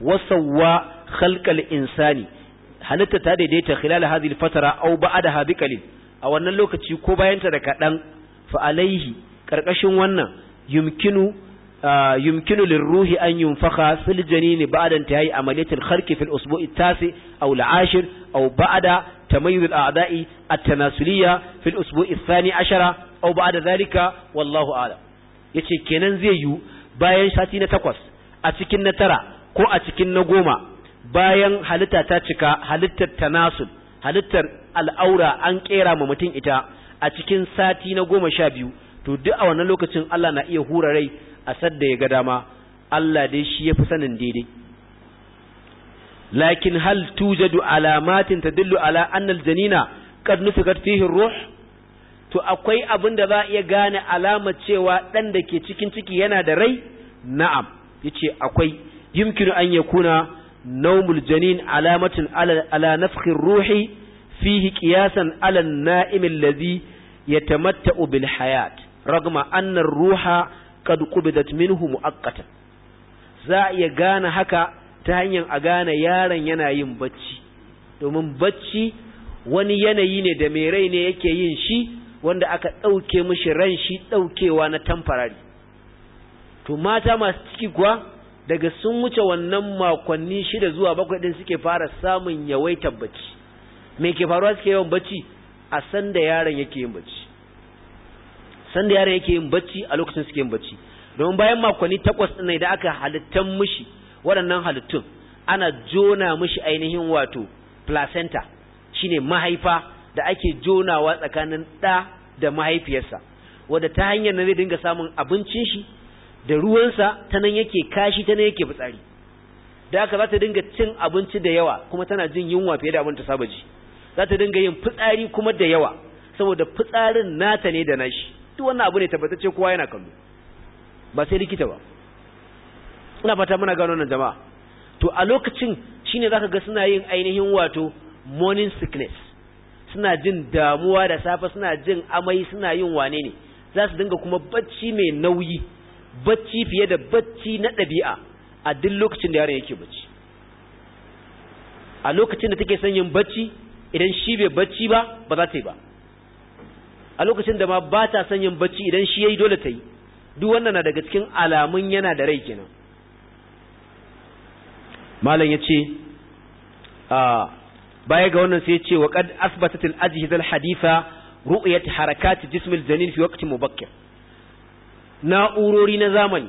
A: wasawa khalqal insani halitta ta daidaita khilal hadhihi fatara aw ba'daha biqalil a wannan lokaci ko bayanta da kaɗan fa alaihi karkashin wannan yumkinu yumkinu lirruhi an yunfakha fil janini ta yi amaliyatil kharqi fil usbu'i tasi aw al-ashir aw ba'da تميز الأعداء التناسلية في الأسبوع الثاني عشر أو بعد ذلك والله أعلم يتي كنن زيو باين ساتين تقوس أتكن ترى كو أتكن نقوم باين حالتا تاتكا حالتا التناسل حالتا الأورا أنكيرا ممتين إتا أتكن ساتين نقوم شابيو تدعو duk الله wannan هور ري أسد يقدام الله دي a sadda ديدي ga lakin hal tujadu alamatin tadullu ala anna aljanina qad nufikat fihi ruh to akwai abin da za a iya gane alamar cewa dan da ke cikin ciki yana da rai na'am yace akwai yumkinu an yakuna nawmul janin alamatin ala, ala ruhi fihi qiyasan ala na'imin lazi alladhi yatamatta'u bil hayat ragma anna ruha kad qubidat minhu mu'aqqatan za a iya gane haka ta hanyar a gane yaron yana yin bacci domin bacci wani yanayi ne da mai rai ne yake yin shi wanda aka ɗauke mishi ran shi ɗaukewa na tamfarari to mata masu ciki kuwa daga sun wuce wannan makonni shida zuwa bakwai ɗin suke fara samun yawaitar bacci me ke faruwa suke yawan bacci a san da yaron yake yin bacci san da yaron yake yin bacci a lokacin suke yin bacci domin bayan makonni takwas ɗin da aka halittan mishi waɗannan halittun ana jona mishi ainihin wato placenta shine mahaifa da ake jonawa tsakanin ɗa da mahaifiyarsa wadda ta hanyar na zai dinga samun abincin shi da ruwansa ta nan yake kashi ta nan yake fitsari da haka za ta dinga cin abinci da yawa kuma tana jin yunwa fiye da abin ta saba ji za ta dinga yin fitsari kuma da yawa saboda fitsarin nata ne da nashi duk wannan abu ne tabbatacce kowa yana kallo ba sai likita ba ina fata muna gano nan jama'a to a lokacin shine zaka ga suna yin ainihin wato morning sickness suna jin damuwa da safe suna jin amai suna yin wane ne za su dinga kuma bacci mai nauyi bacci fiye da bacci na ɗabi'a a duk lokacin da yaron yake bacci a lokacin da take son yin bacci idan shi bai bacci ba ba za ta yi ba a lokacin da ma ba ta son yin bacci idan shi yayi dole ta yi duk wannan na daga cikin alamun yana da rai kenan malam yace a baya ga wannan sai yace wa qad asbatat al ajhid al haditha ru'yat harakat jism al janin fi na'urori na zamani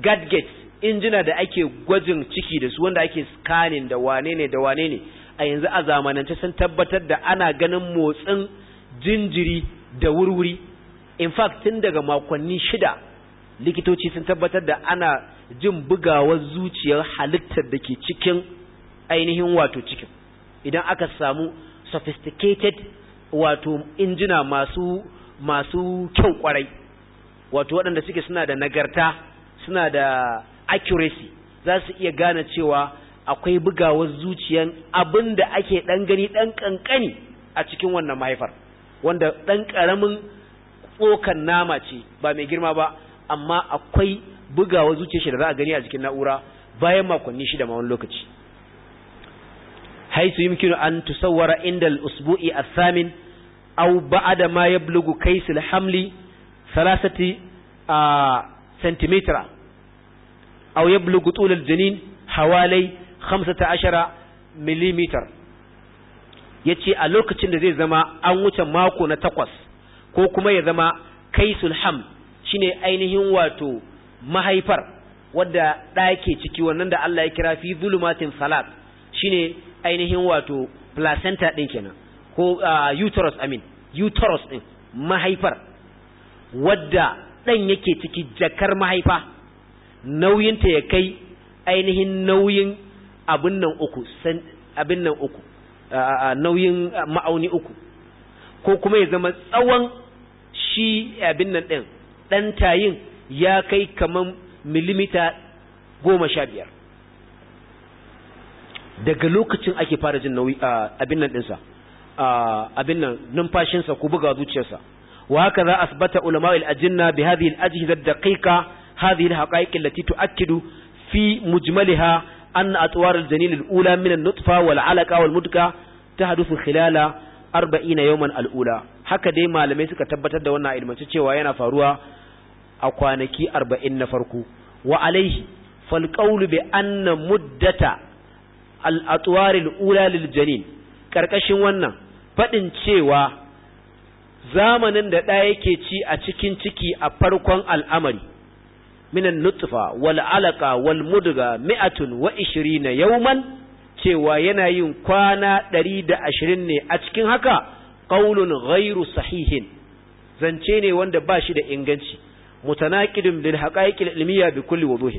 A: gadgets injina da ake gwajin ciki da su wanda ake scanning da wane ne da wane ne a yanzu a zamanance sun tabbatar da ana ganin motsin jinjiri da wurwuri in fact tun daga makonni shida likitoci sun tabbatar da ana jin bugawar zuciyar halittar da ke cikin ainihin wato cikin idan aka samu sophisticated wato injina masu masu kyau kwarai wato waɗanda suke suna da nagarta suna da accuracy za su iya gane cewa akwai bugawar zuciyar abinda da ake ɗan gani ɗan ƙanƙani a cikin wannan mahaifar wanda ɗan ƙaramin tsokan nama ce ba mai girma ba amma akwai bugawa zuciyar shi da za a gani a jikin na'ura bayan makonni shida ma wani lokaci haisu yumkinu an tusawwara inda al-usbu'i samin. thamin aw ba'da ma yablughu hamli thalathati centimetra aw yablughu tul al-janin hawalai 15 Ya yace a lokacin da zai zama an wuce mako na takwas ko kuma ya zama kaisul ham shine ainihin wato mahaifar wadda ɗa ciki wannan da Allah ya kira fi zulumatin salat shine ainihin wato placenta ɗin kenan ko uterus amin uterus ɗin mahaifar wadda ɗan yake ciki jakar mahaifa nauyinta ya kai ainihin nauyin abin nan uku abin nan uku nauyin ma'auni uku ko kuma ya zama tsawon shi abin nan ɗin ɗan tayin ya kai kamar milimita goma sha biyar daga lokacin ake fara jin nauyi abin nan ɗinsa abin nan numfashinsa ko buga zuciyarsa wa haka za sabata ulama al-ajinna bi hadhihi al da ad-daqiqa hadhihi al-haqa'iq allati tu'akkidu fi mujmaliha an atwar al-janin al-ula min an-nutfa wal-alaqa wal-mudka tahduthu khilala arba'ina yawman al'ula haka dai malamai suka tabbatar da wannan ilmance cewa yana faruwa a kwanaki arba'in na farko wa alaihi falƙaulu bi anna muddata al'atuwaril ula janin ƙarƙashin wannan faɗin cewa zamanin da ɗaya yake ci a cikin ciki a farkon al'amari minan nutfa wal alaka wal mudga mi'atun wa yauman cewa yana yin kwana ɗari da ashirin ne a cikin haka ƙaulun ghairu sahihin zance ne wanda ba shi da inganci mutanaqidun bil haqa'iqil ya bi kulli wuduh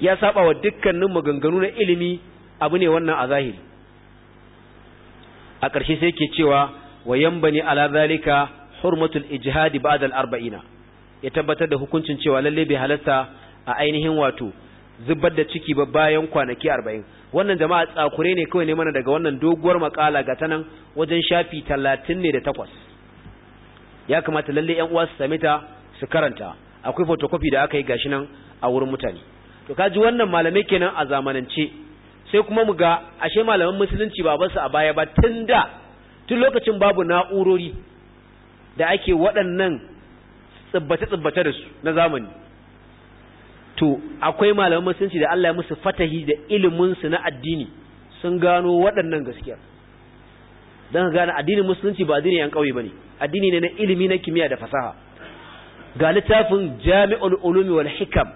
A: ya saba wa dukkanin maganganu na ilimi abu ne wannan a zahiri a ƙarshe sai ke cewa wa yambani ala zalika hurmatul ijhadi ba'da al-arba'ina ya tabbatar da hukuncin cewa lalle bai halatta a ainihin wato zubar da ciki ba bayan kwanaki arba'in wannan jama'a tsakure ne kawai ne mana daga wannan doguwar makala ga tanan wajen shafi talatin ne da takwas ya kamata lalle 'yan uwa su same ta su karanta akwai photocopy da aka yi gashi nan a wurin mutane to kaji wannan malamai kenan a zamanance sai kuma mu ga ashe malaman musulunci ba basu a baya ba tun tun lokacin babu na'urori da ake waɗannan tsibbace-tsibbace da su na zamani to akwai malaman musulunci da Allah ya musu fatahi da ilimin su na addini sun gano waɗannan gaskiya don gane addinin musulunci ba addini yan kauye bane addini ne na ilimi na kimiyya da fasaha ga littafin jami'ul ulumi wal hikam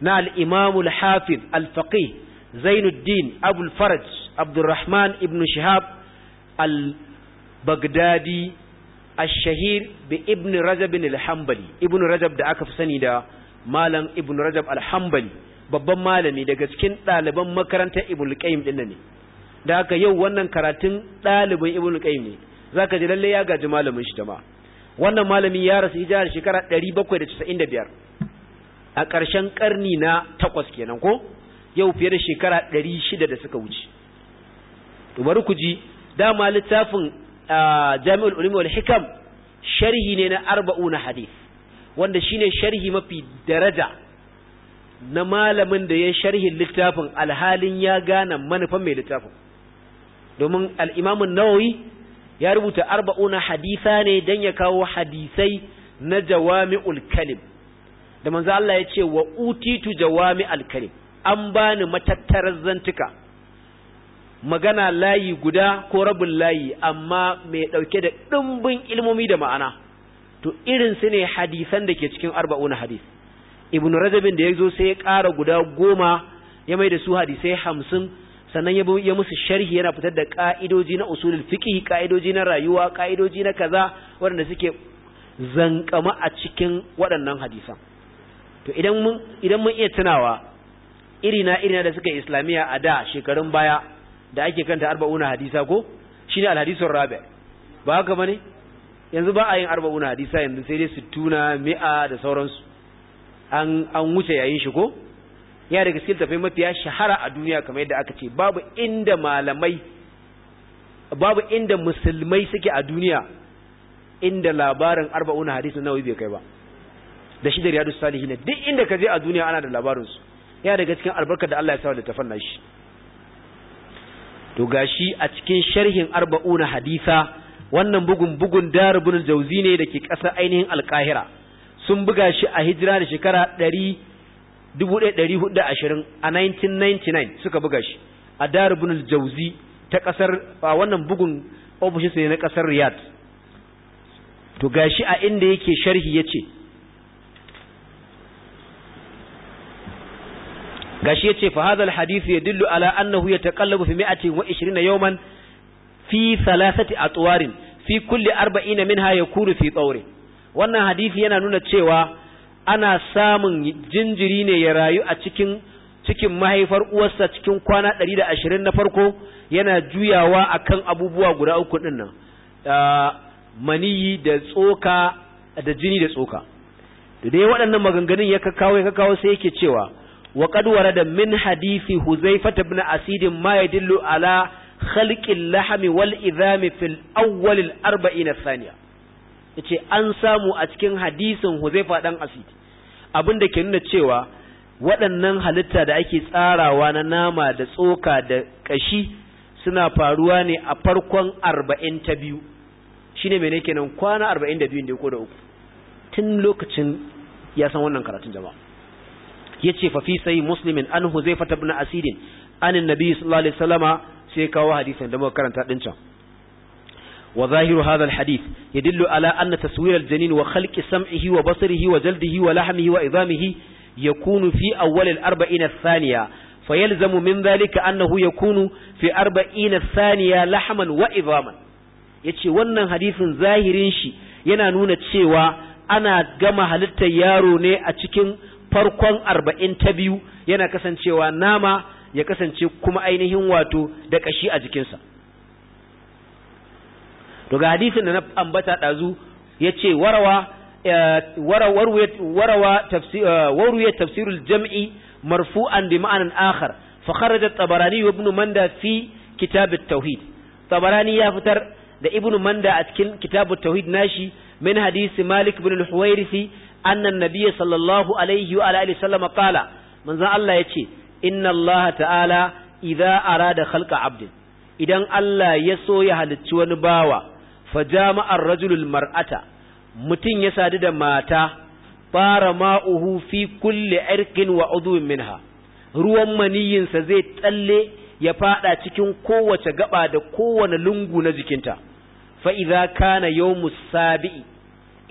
A: na al hafiz al-faqih zainuddin Abulfaraj abdurrahman ibn shihab al-baghdadi ash-shahir bi ibn rajab al-hanbali ibn rajab da aka fi sani da malam ibn rajab al babban malami daga cikin ɗaliban makarantar ibn qayyim din ne da haka yau wannan karatun ɗaliban ibn qayyim ne zaka ji lalle ya gaji malamin shi jama'a wannan malami ya rasu hijira shekara 795 a ƙarshen ƙarni na takwas kenan ko yau fiye da shekara 600 da suka wuce to bari ku ji dama littafin Jami'ul Ulum wal Hikam sharhi ne na 40 hadith wanda shine sharhi mafi daraja na malamin da ya sharhi littafin alhalin ya gane manufan mai littafin domin al-Imam an-Nawawi ya rubuta arba'una hadisa ne don ya kawo hadisai na jawami kalim da manzo Allah ya ce wa utitu jawami kalim an bani matattarar zantuka magana layi guda ko rabin layi amma mai ɗauke da ɗumbin ilmomi da ma'ana to irin su ne hadisan da ke cikin arba'una hadis ibnu rajabin da ya zo sai ya ƙara guda goma ya mai da su hadisai hamsin sannan ya musu sharhi yana fitar da ka'idoji na usulul fiqh ka'idoji na rayuwa ka'idoji na kaza waɗanda suke zankama a cikin waɗannan hadisan to idan mun idan mun iya tunawa irina irina da suka islamiya a da shekarun baya da ake kanta arba'una hadisa ko shine alhadisul rabi ba haka bane yanzu ba a yin arba'una hadisa yanzu sai dai tuna mi'a da sauransu an an wuce yayin shi ko ya daga cikin tafai mafiya shahara a duniya kamar yadda aka ce babu inda malamai babu inda musulmai suke a duniya inda labarin arba'un hadisin nawawi bai kai ba da shi da riyadus salihin duk inda ka je a duniya ana da labarin su ya daga cikin albarka da Allah ya sa da tafanna shi to gashi a cikin sharhin arba'un hadisa wannan bugun bugun darbun jauzi ne dake kasar ainihin alkahira sun buga shi a hijira da shekara ɗari 1420 a 1999 suka buga shi a darubun jauzi ta kasar a wannan bugun ofishin sai na kasar riyadh to gashi a inda yake sharhi yace gashi yace fa hadha alhadith yadullu ala annahu yataqallabu fi 120 yawman fi thalathati atwarin fi kulli 40 minha yakunu fi tawri wannan hadisi yana nuna cewa ana samun jinjiri ne ya rayu a cikin cikin mahaifar uwarsa cikin kwana ɗari da 120 na farko yana juyawa a kan abubuwa guda uku din nan ah, maniyi da tsoka da jini da tsoka da dai waɗannan maganganun ya kawo ya kawo sai yake cewa wa qad warada min hadisi huzaifah ibn asid ma yadullu ala khalqi lahmi wal idhami fil awwal al 40 thaniya yace an samu a cikin hadisin Huzaifa dan Asid da ke nuna cewa waɗannan halitta da ake tsarawa na nama da tsoka da ƙashi suna faruwa ne a farkon arba'in ta biyu shine mene kenan kwana arba'in da ko da uku tun lokacin ya san wannan karatun jama'a Ya ce fafi sai muslimin an Huzaifa ibn asidin an nabi sallallahu alaihi wasallama sai kawo hadisin da muka karanta din can وظاهر هذا الحديث يدل على أن تصوير الجنين وخلق سمعه وبصره وجلده ولحمه وإظامه يكون في أول الأربعين الثانية فيلزم من ذلك أنه يكون في أربعين الثانية لحما وإظاما yace wannan hadisin zahirin shi yana nuna cewa ana gama halittar yaro ne a cikin farkon arba'in ta biyu yana kasancewa nama ya kasance kuma ainihin wato da ƙashi a jikinsa to ga hadisin da na ambata dazu yace warawa eh, warawa tafsir eh, tafsirul jam'i marfu'an bi ma'anan akhar fa kharaja tabarani ibn manda fi kitab at-tauhid tabarani ya fitar da ibn manda a cikin kitab at-tauhid nashi min hadisi malik ibn al-huwairisi anna an-nabiy sallallahu alaihi wa alihi sallama qala manzo Allah yace inna Allah ta'ala idza arada khalqa abdin idan Allah ya so ya halicci wani bawa fa jama'ar rajulul mar'ata mutum ya sadu da mata fara ma'uhu fi kulli irkin wa udwin minha ruwan maniyinsa zai tsalle ya fada cikin kowace gaba da kowane lungu na jikinta fa idza kana yawmus sabi'i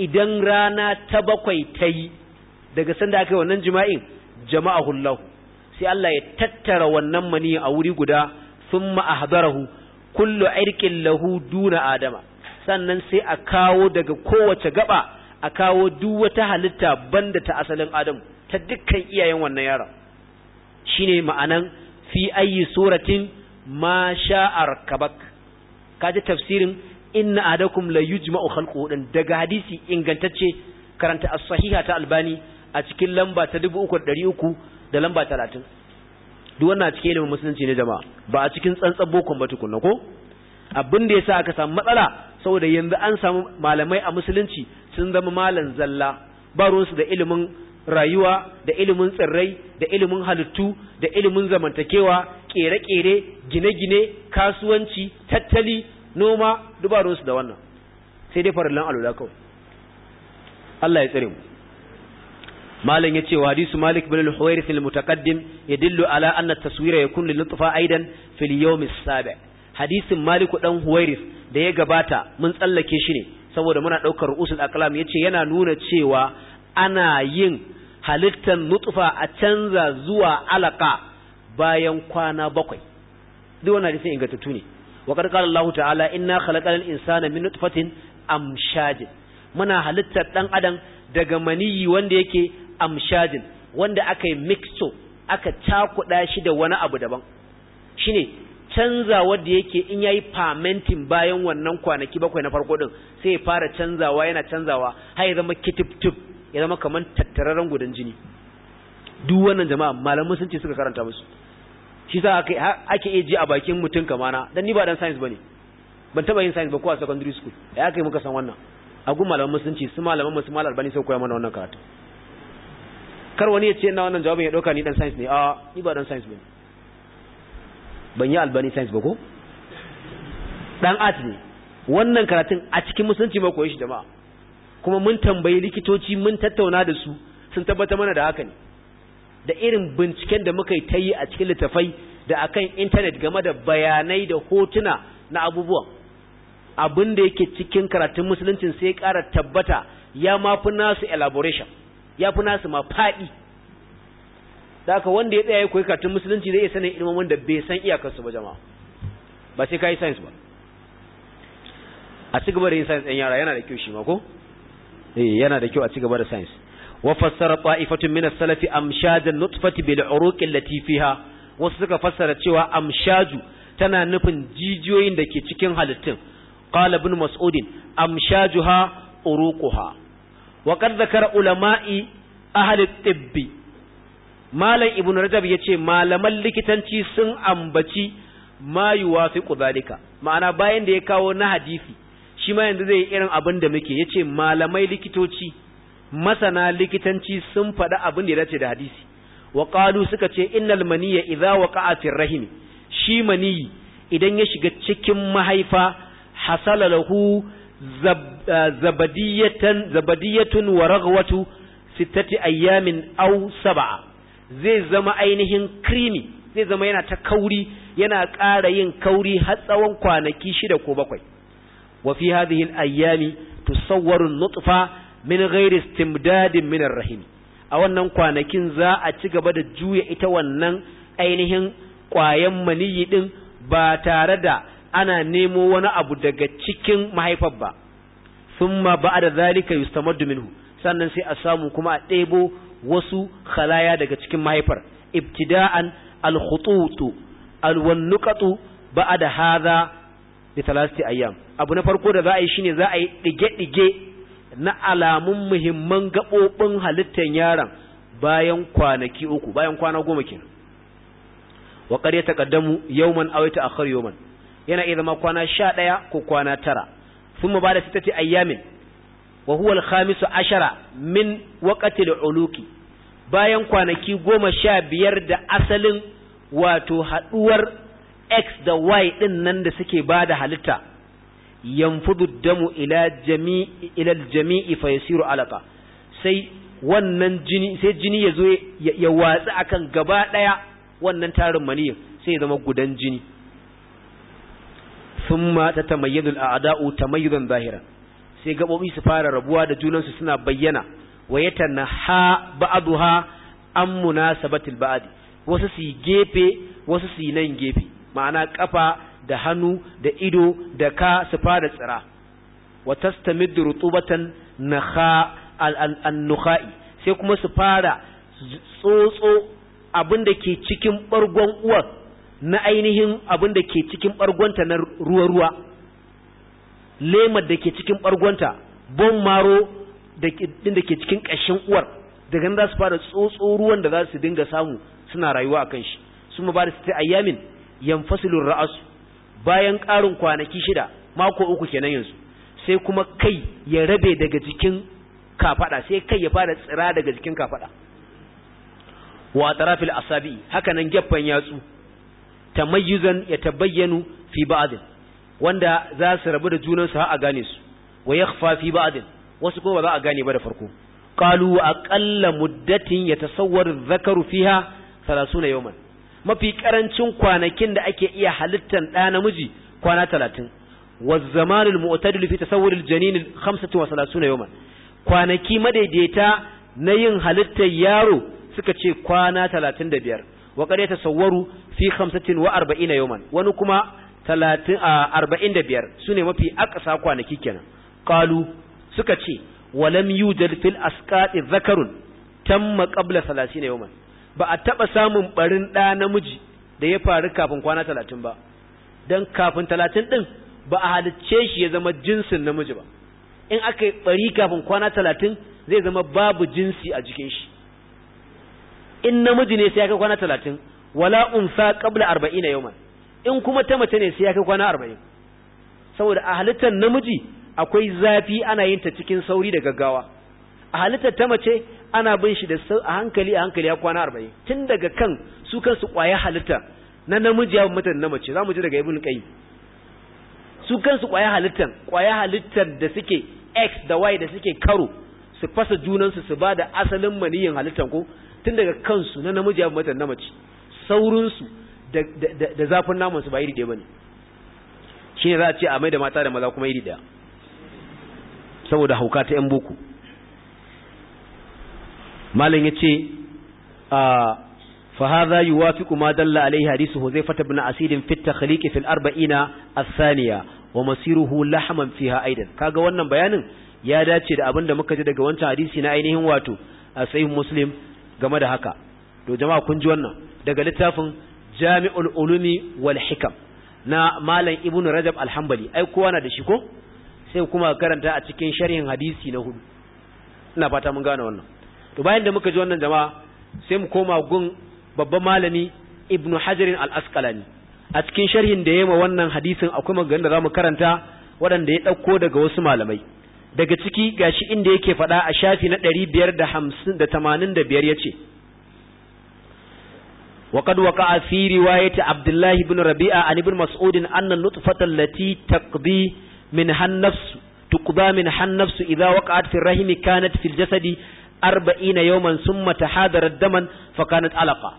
A: idan rana ta bakwai ta yi daga sanda aka yi wannan jima'in jama'ahu hullahu, sai Allah ya tattara wannan maniyi a wuri guda thumma ahdarahu kullu irqin lahu duna adama sannan sai a kawo daga kowace gaba a kawo duk wata halitta banda ta asalin adam ta dukkan iyayen wannan yara shine ma'anan fi ayi suratin ma sha'ar kabak kaji tafsirin inna adakum la yujma'u khalqu din daga hadisi ingantacce karanta as-sahiha ta albani a cikin lamba ta 3300 da lamba 30 duk wannan a cikin ilimin musulunci ne jama'a ba a cikin tsantsan bokon ba tukunna ko abin da yasa aka samu matsala saboda yanzu an samu malamai a musulunci sun zama malan zalla ba ruwansu da ilimin rayuwa da ilimin tsirrai da ilimin halittu da ilimin zamantakewa kere-kere gine-gine kasuwanci tattali noma dubarunsu da wannan sai dai farillan alula kawai Allah ya tsare mu malam yace wa hadisu malik bin al-huwairi fil mutaqaddim yadullu ala anna taswira yakun lil-lutfa aidan fil yawm as-sabi' hadisin malik dan huwairis da ya gabata mun tsallake shi ne saboda muna ɗaukar rusul akalam ya ce yana nuna cewa ana yin halittar nutfa a canza zuwa alaka bayan kwana bakwai duk wannan hadisin ingantattu ne wa qad qala Allah ta'ala inna khalaqal insana min nutfatin amshajin muna halittar ɗan adam daga maniyi wanda yake amshajin wanda aka yi mixto aka cakuɗa shi da wani abu daban shine canza wadda yake in yayi fermenting bayan wannan kwanaki bakwai na farko din sai ya fara canzawa yana canzawa har ya zama kitiptip ya zama kaman tattararren gudan jini duk wannan jama'a malaman sun ce suka karanta musu shi sa ake ake iya ji a bakin mutum kamana dan ni ba dan science bane ban taba yin science ba ko a secondary school ya kai yi muka san wannan a gun malaman ce su malaman musu malar bani sai koya mana wannan karatu kar wani ya ce ina wannan jawabin ya dauka ni dan science ne a ni ba dan science bane ban yi albani science ba ko dan art ne wannan karatun a cikin musulunci ba koyi shi jama'a kuma mun tambayi likitoci mun tattauna da su sun tabbata mana da haka ne da irin binciken da muka yi ta yi a cikin littafai da akan intanet game da bayanai da hotuna na abubuwan abin da yake cikin karatun musuluncin sai ya ƙara tabbata ya mafi nasu elaboration ya fi nasu ma faɗi da haka wanda ya tsaye ya koyi karatun musulunci zai iya sanin ilmomin da bai san iyakarsu ba jama'a ba sai ka yi science ba a ci gaba da yin science ɗin yara yana da kyau shi ma ko eh yana da kyau a ci gaba da science wa fassara ta'ifatun min as-salafi amshajan nutfati bil uruq allati fiha wasu suka fassara cewa amshaju tana nufin jijiyoyin da ke cikin halittun qala ibn mas'ud amshajuha uruquha wa qad zakara ulama'i ahli at-tibbi malam ibn rajab ya ce malaman likitanci sun ambaci ma yuwafiqu zalika ma'ana bayan da ya kawo na hadisi shi ma yanzu zai irin abin da muke yace malamai likitoci masana likitanci sun faɗa abin da ya dace da hadisi wa qalu suka ce innal maniyya idza waqa'a fi rahimi shi maniyi idan ya shiga cikin mahaifa hasala lahu eh, zabadiyatan zabadiyatun wa raghwatu sittati ayyamin aw sab'a zai zama ainihin krimi zai zama yana ta kauri yana ƙara yin kauri har tsawon kwanaki shida ko bakwai wa fi hadhihi al-ayyami tusawwaru an-nutfa min ghairi istimdadin min ar-rahim a wannan kwanakin za a ci gaba da juya ita wannan ainihin ƙwayan maniyyi din ba tare da ana nemo wani abu daga cikin mahaifar ba thumma ba'da zalika yustamaddu minhu sannan sai a samu kuma a ɗebo wasu khalaya daga cikin mahaifar ibtida'an al-khututu al-wannuqatu ba'da hadha bi thalathati ayyam abu na farko da za a yi shine za a yi dige-dige na alamun muhimman gabobin halittar yaron bayan kwanaki uku bayan kwana goma kenan wa qad yataqaddamu yawman aw yata'akhkhar yawman yana iya zama kwana 11 ko kwana 9 thumma ba'da sittati ayyamin wa huwa al-khamisu ashara min waqtil uluki bayan kwanaki goma sha biyar da asalin wato haduwar x da y din nan da suke bada halitta yanfudu damu ila jami'i ila al fa yasiru alaqa sai wannan jini sai jini ya zo ya watsi akan gaba ɗaya wannan tarin maniyin sai ya zama gudan jini thumma tatamayyalu al-a'da'u tamayyudan zahiran sai gabobi su fara rabuwa da junansu suna bayyana wa ha ba'daha an munasabatil ba'd wasu su gefe wasu su nan gefe ma'ana ƙafa da hannu da ido da ka su fara tsira wa tastamiddu rutubatan nakha an-nukhai sai kuma su fara tsotso abin da ke cikin bargon uwar na ainihin abin da ke cikin bargonta na ruwa-ruwa lemar da ke cikin bargonta bon maro da ke cikin ƙashin uwar daga nan za su fara tsotso ruwan da za su dinga samu suna rayuwa a kan shi Suma ma bada ta ayyamin yanfasilur ra'asu bayan ƙarin kwanaki shida mako uku kenan yanzu sai kuma kai ya rabe daga jikin kafaɗa sai kai ya fara tsira daga jikin kafaɗa. wa tarafil asabi haka nan gaffan yatsu tamayyuzan ya tabayyanu fi ba'adin. wanda za su rabu da junansu har a gane su wa yakhfa fi ba'din wasu kuma ba za a gane ba da farko qalu aqalla muddatin tasawar dhakaru fiha na yawman mafi ƙarancin kwanakin da ake iya halittan da namiji kwana talatin, wa zamanul mu'tadil fi tasawar hamsatin wa janin na yawman kwanaki madaidaita na yin halittar yaro suka ce kwana talatin da biyar, wa qad yatasawwaru fi hamsatin wa 45 yawman wani kuma talatin a arba'in da biyar su ne mafi akasa kwanaki kenan kalu suka ce walam yujad fil asqati zakarun tamma qabla 30 yawman ba a taba samun barin da namiji da ya faru kafin kwana 30 ba dan kafin 30 din ba a halicce shi ya zama jinsin namiji ba in aka yi bari kafin kwana 30 zai zama babu jinsi a jikin shi in namiji ne sai ya kai kwana 30 wala unsa qabla 40 yawman in kuma ta mace ne sai ya kai kwana arba'in saboda a halittar namiji akwai zafi ana yin ta cikin sauri da gaggawa a halittar ta mace ana bin shi da a hankali a hankali ya kwana arba'in tun daga kan su kansu kwaya halitta na namiji ya mutan na mace za mu ji daga ibn qayyim su kansu kwaya halittan kwaya halittar da suke x da y da suke karo su fasa junansu su ba da asalin maniyin halittan ko tun daga kansu na namiji ya mutan na mace saurinsu da zafin namun su ba iri ɗaya shi ne za a ce a mai da mata da maza kuma iri ɗaya saboda hauka ta yan boko malam ce a فهذا يوافق ما دل fata حديث asirin fitta أسيد arba'ina التخليق في الأربعين الثانية ومصيره lahaman فيها أيضا kaga wannan bayanin ya dace da abinda muka ji daga wancan hadisi na ainihin wato a sahih muslim game da haka to jama'a kun ji wannan daga littafin jami'ul ulumi wal hikam na malam ibn rajab al-hanbali ai kowa na da shi ko sai kuma karanta a cikin sharhin hadisi na hudu ina fata mun gane wannan to bayan da muka ji wannan jama'a sai mu koma gun babban malami ibnu hajarin al-asqalani a cikin sharhin da yayi wannan hadisin akwai maganganun da zamu karanta waɗanda ya ɗauko daga wasu malamai daga ciki gashi inda yake faɗa a shafi na ya ce. وقد وقع في رواية عبد الله بن ربيعة عن ابن مسعود أن النطفة التي تقضي منها النفس تقضى منها النفس إذا وقعت في الرحم كانت في الجسد أربعين يوما ثم تحاذر الدما فكانت علقة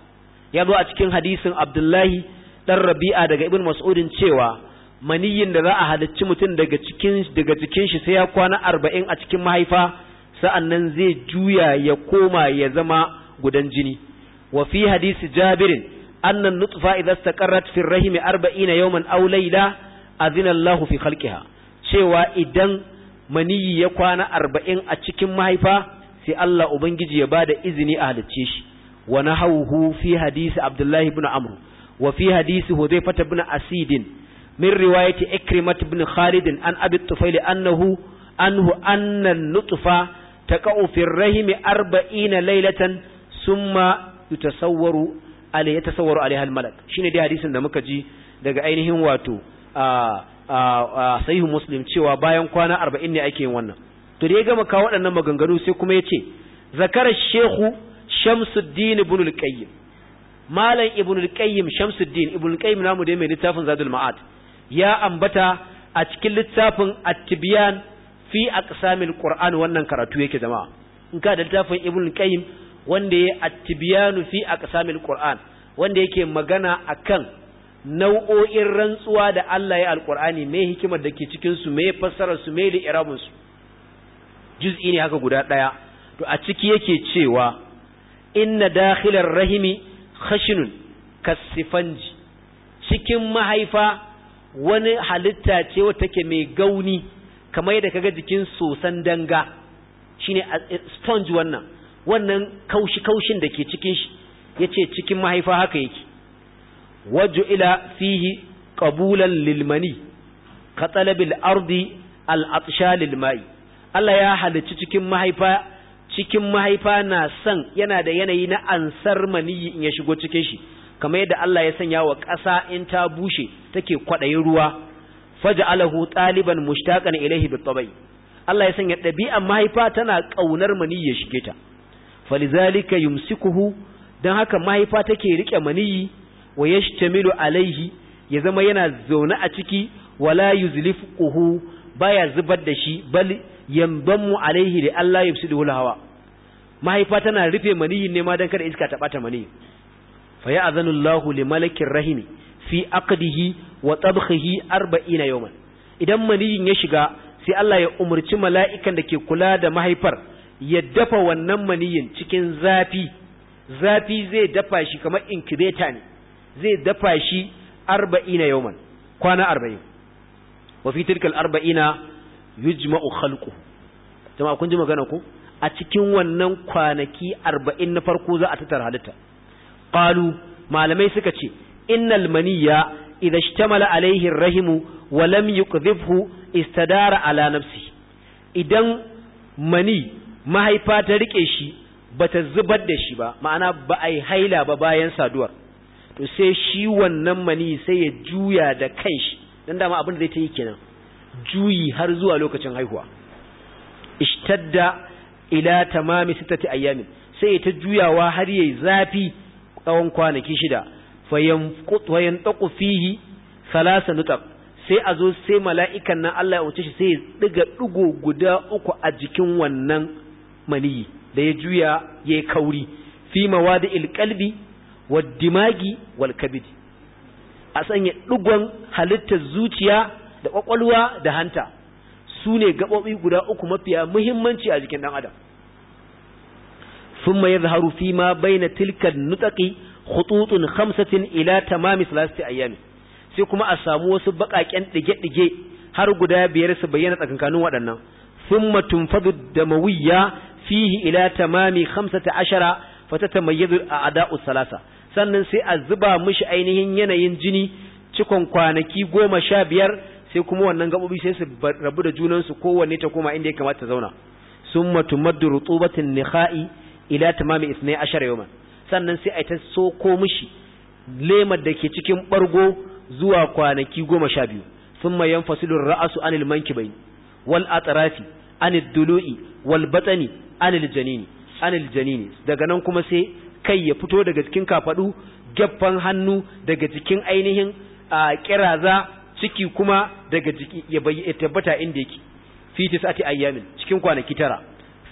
A: يضو أتكين حديث عبد الله dan rabi'a daga ibn mas'udin cewa maniyin da za a halicci mutum daga cikin daga cikin shi sai ya kwana 40 a cikin mahaifa sa'annan zai juya ya koma ya zama gudan jini wa fi hadisi jabirin annan nutfa idza istaqarrat fi rahimi 40 yawman aw layla azina Allahu fi khalqiha cewa idan maniyi ya kwana arba'in a cikin mahaifa sai Allah ubangiji ya bada izini a halicce shi wa nahawhu fi hadisi Abdullah ibn Amr wa fi hadisi Hudhayfah ibn Asid min riwayati Ikrimah ibn Khalid an Abi Tufail annahu anhu anna nutfa taqa'u fi rahimi 40 laylatan summa yutasawwaru alai yatasawwaru alaiha almalak shine dai hadisin da muka ji daga ainihin wato a a sahihu muslim cewa bayan kwana 40 ne ake yin wannan to da ya gama kawo waɗannan maganganu sai kuma yace zakara shehu shamsuddin ibn al malam ibn al-qayyim shamsuddin ibn al namu dai mai littafin zadul ma'ad ya ambata a cikin littafin at-tibyan fi aqsamil qur'an wannan karatu yake jama'a in ka da littafin ibn al wanda ya attibiyanu nufi fi aqsamil qur'an wanda yake magana akan nau'o'in rantsuwa da Allah ya alqur'ani mai hikimar da ke cikin su mai fassarar su da irabun su juz'i ne haka guda daya to a ciki yake cewa inna dakhilar rahimi khashinun kasifanji cikin mahaifa wani halitta ce wata take mai gauni kamar yadda kaga jikin sosan danga shine sponge wannan wannan kaushi kaushin da ke cikin shi ce cikin mahaifa haka yake waju ila fihi qabulan lilmani ka arzi ardi al’atsha lilmai Allah ya halicci cikin mahaifa cikin mahaifa na san yana da yanayi na ansar maniyi in ya shigo cikin shi kamar yadda Allah ya sanya wa ƙasa in ta bushe take kwaɗayin ruwa alahu taliban mushtaqan ilayhi bitabai Allah ya sanya ɗabi'an mahaifa tana ƙaunar maniyi ya shige ta falizalika yumsikuhu don haka mahaifa take rike maniyi wa yashtamilu alaihi ya zama yana zaune a ciki wala yuzlifuhu baya zubar da shi bal yambamu alaihi da Allah yufsiduhu hawa mahaifa tana rufe maniyin ne ma dan kada iska ta bata maniyi fa ya'zanu Allahu li malakir rahimi fi aqdihi wa tabkhihi 40 yawman idan maniyin ya shiga sai Allah ya umarci mala'ikan da ke kula da mahaifar ya dafa wannan maniyin cikin zafi zafi zai dafa shi kamar incubator ne zai dafa shi arba'ina yawman kwana arba'in wa fi tilkal arba'ina yujma'u khalqu jama'a kun ji magana ko a cikin wannan kwanaki arba'in na farko za a tattara halitta qalu malamai suka ce innal maniyya idha ishtamala alaihi ar-rahimu wa lam yuqdhibhu istadara ala nafsi idan mani mahaifa ta rike shi ba ta zubar da shi ba ma'ana ba a yi haila ba bayan saduwar to sai shi wannan mani sai ya juya da kanshi dan dama abin da zai ta yi kenan juyi har zuwa lokacin haihuwa ishtadda ila tamami sittati ayyamin sai ta juyawa har yayi zafi tsawon kwanaki shida fayan taqu fihi salasa nutaq sai a zo sai mala'ikan nan Allah ya wuce shi sai ya diga digo guda uku a jikin wannan maniyi da ya juya ya yi kauri fi mawadi ilƙalbi wa dimagi wal kabid a sanya dugon halittar zuciya da kwakwalwa da hanta su ne gabobi guda uku mafiya muhimmanci a jikin ɗan adam thumma zaharu fi ma baina tilkan tilkar nutsaki khututun khamsatin ila tamami a yami sai kuma a samu wasu baƙaƙen ɗige-ɗige har guda biyar su bayyana tsakankanin waɗannan thumma da mawuyya. fihi ila tamami khamsata ashara fatamayyazu a'da'u salasa sannan sai a zuba mishi ainihin yanayin jini cikon kwanaki goma sha biyar sai kuma wannan gabobi sai su rabu da junansu kowanne ta koma inda ya kamata ta zauna summa tumaddu rutubatin niha'i ila tamami ithnai ashara yawman sannan sai a ta soko mishi lemar da ke cikin bargo zuwa kwanaki goma sha biyu summa yanfasilu ra'asu anil mankibai wal atrafi anid dulu'i wal batani anil janini anil janini daga nan kuma sai kai ya fito daga cikin kafadu gaffan hannu daga cikin ainihin kiraza ciki kuma daga jiki ya tabbata inda yake fi tisati ayyamin cikin kwanaki tara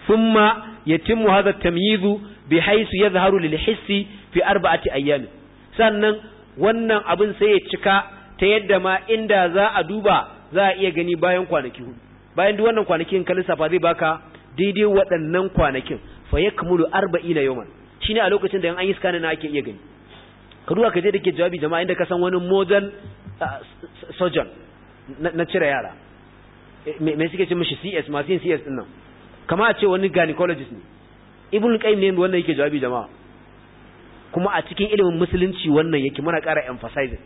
A: thumma yatimu hadha tamyizu bihaythu yadhharu lil hissi fi arba'ati ayyamin sannan wannan abin sai ya cika ta yadda ma inda za a duba za a iya gani bayan kwanaki hudu bayan duk wannan kwanakin ka lissafa zai baka daidai waɗannan kwanakin fa yakmulu 40 yawman shine a lokacin da an yi scanning na ake iya gani ka duba ka je dake jawabi jama'a inda ka san wani model uh, surgeon na cire yara eh, me suke ce mishi CS masu yin CS din nan kama a ce wani gynecologist ne ibn qayyim ne wannan yake jawabi jama'a kuma a cikin ilimin musulunci wannan yake muna ƙara emphasizing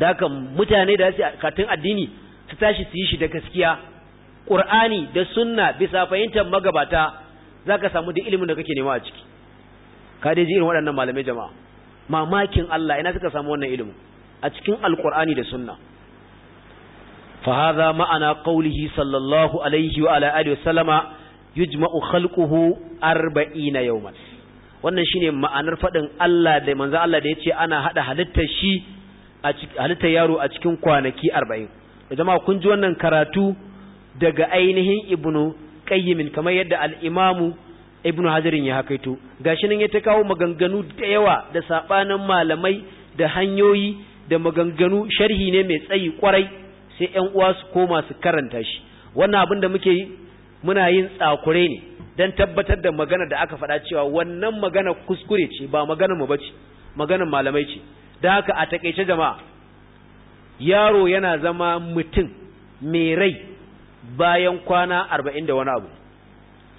A: da haka mutane da su katun addini su tashi su yi shi da gaskiya ƙur'ani da sunna bisa fahimtar magabata za ka samu duk ilimin da kake nema a ciki ka dai ji irin waɗannan malamai jama'a mamakin Allah ina suka samu wannan ilimin a cikin alƙur'ani da sunna fa hadha ma'ana qawlihi sallallahu alaihi wa ala alihi wasallama yujma'u khalquhu 40 yawman wannan shine ma'anar faɗin Allah da manzo Allah da yace ana hada halittar shi a halittar yaro a cikin kwanaki 40 da jama'a kun ji wannan karatu daga ainihin ibnu qayyimin kamar yadda al-imamu ibnu hajarin ya hakaito gashi nan ya ta kawo maganganu da yawa da sabanin malamai da hanyoyi da maganganu sharhi ne mai tsayi kwarai sai ƴan uwa su koma su karanta shi wannan abin da muke yi muna yin tsakure ne dan tabbatar da magana da aka faɗa cewa wannan magana kuskure ce ba magana mu bace maganar malamai ce da haka a takeice jama'a yaro yana zama mutum mai rai bayan kwana arba'in da wani abu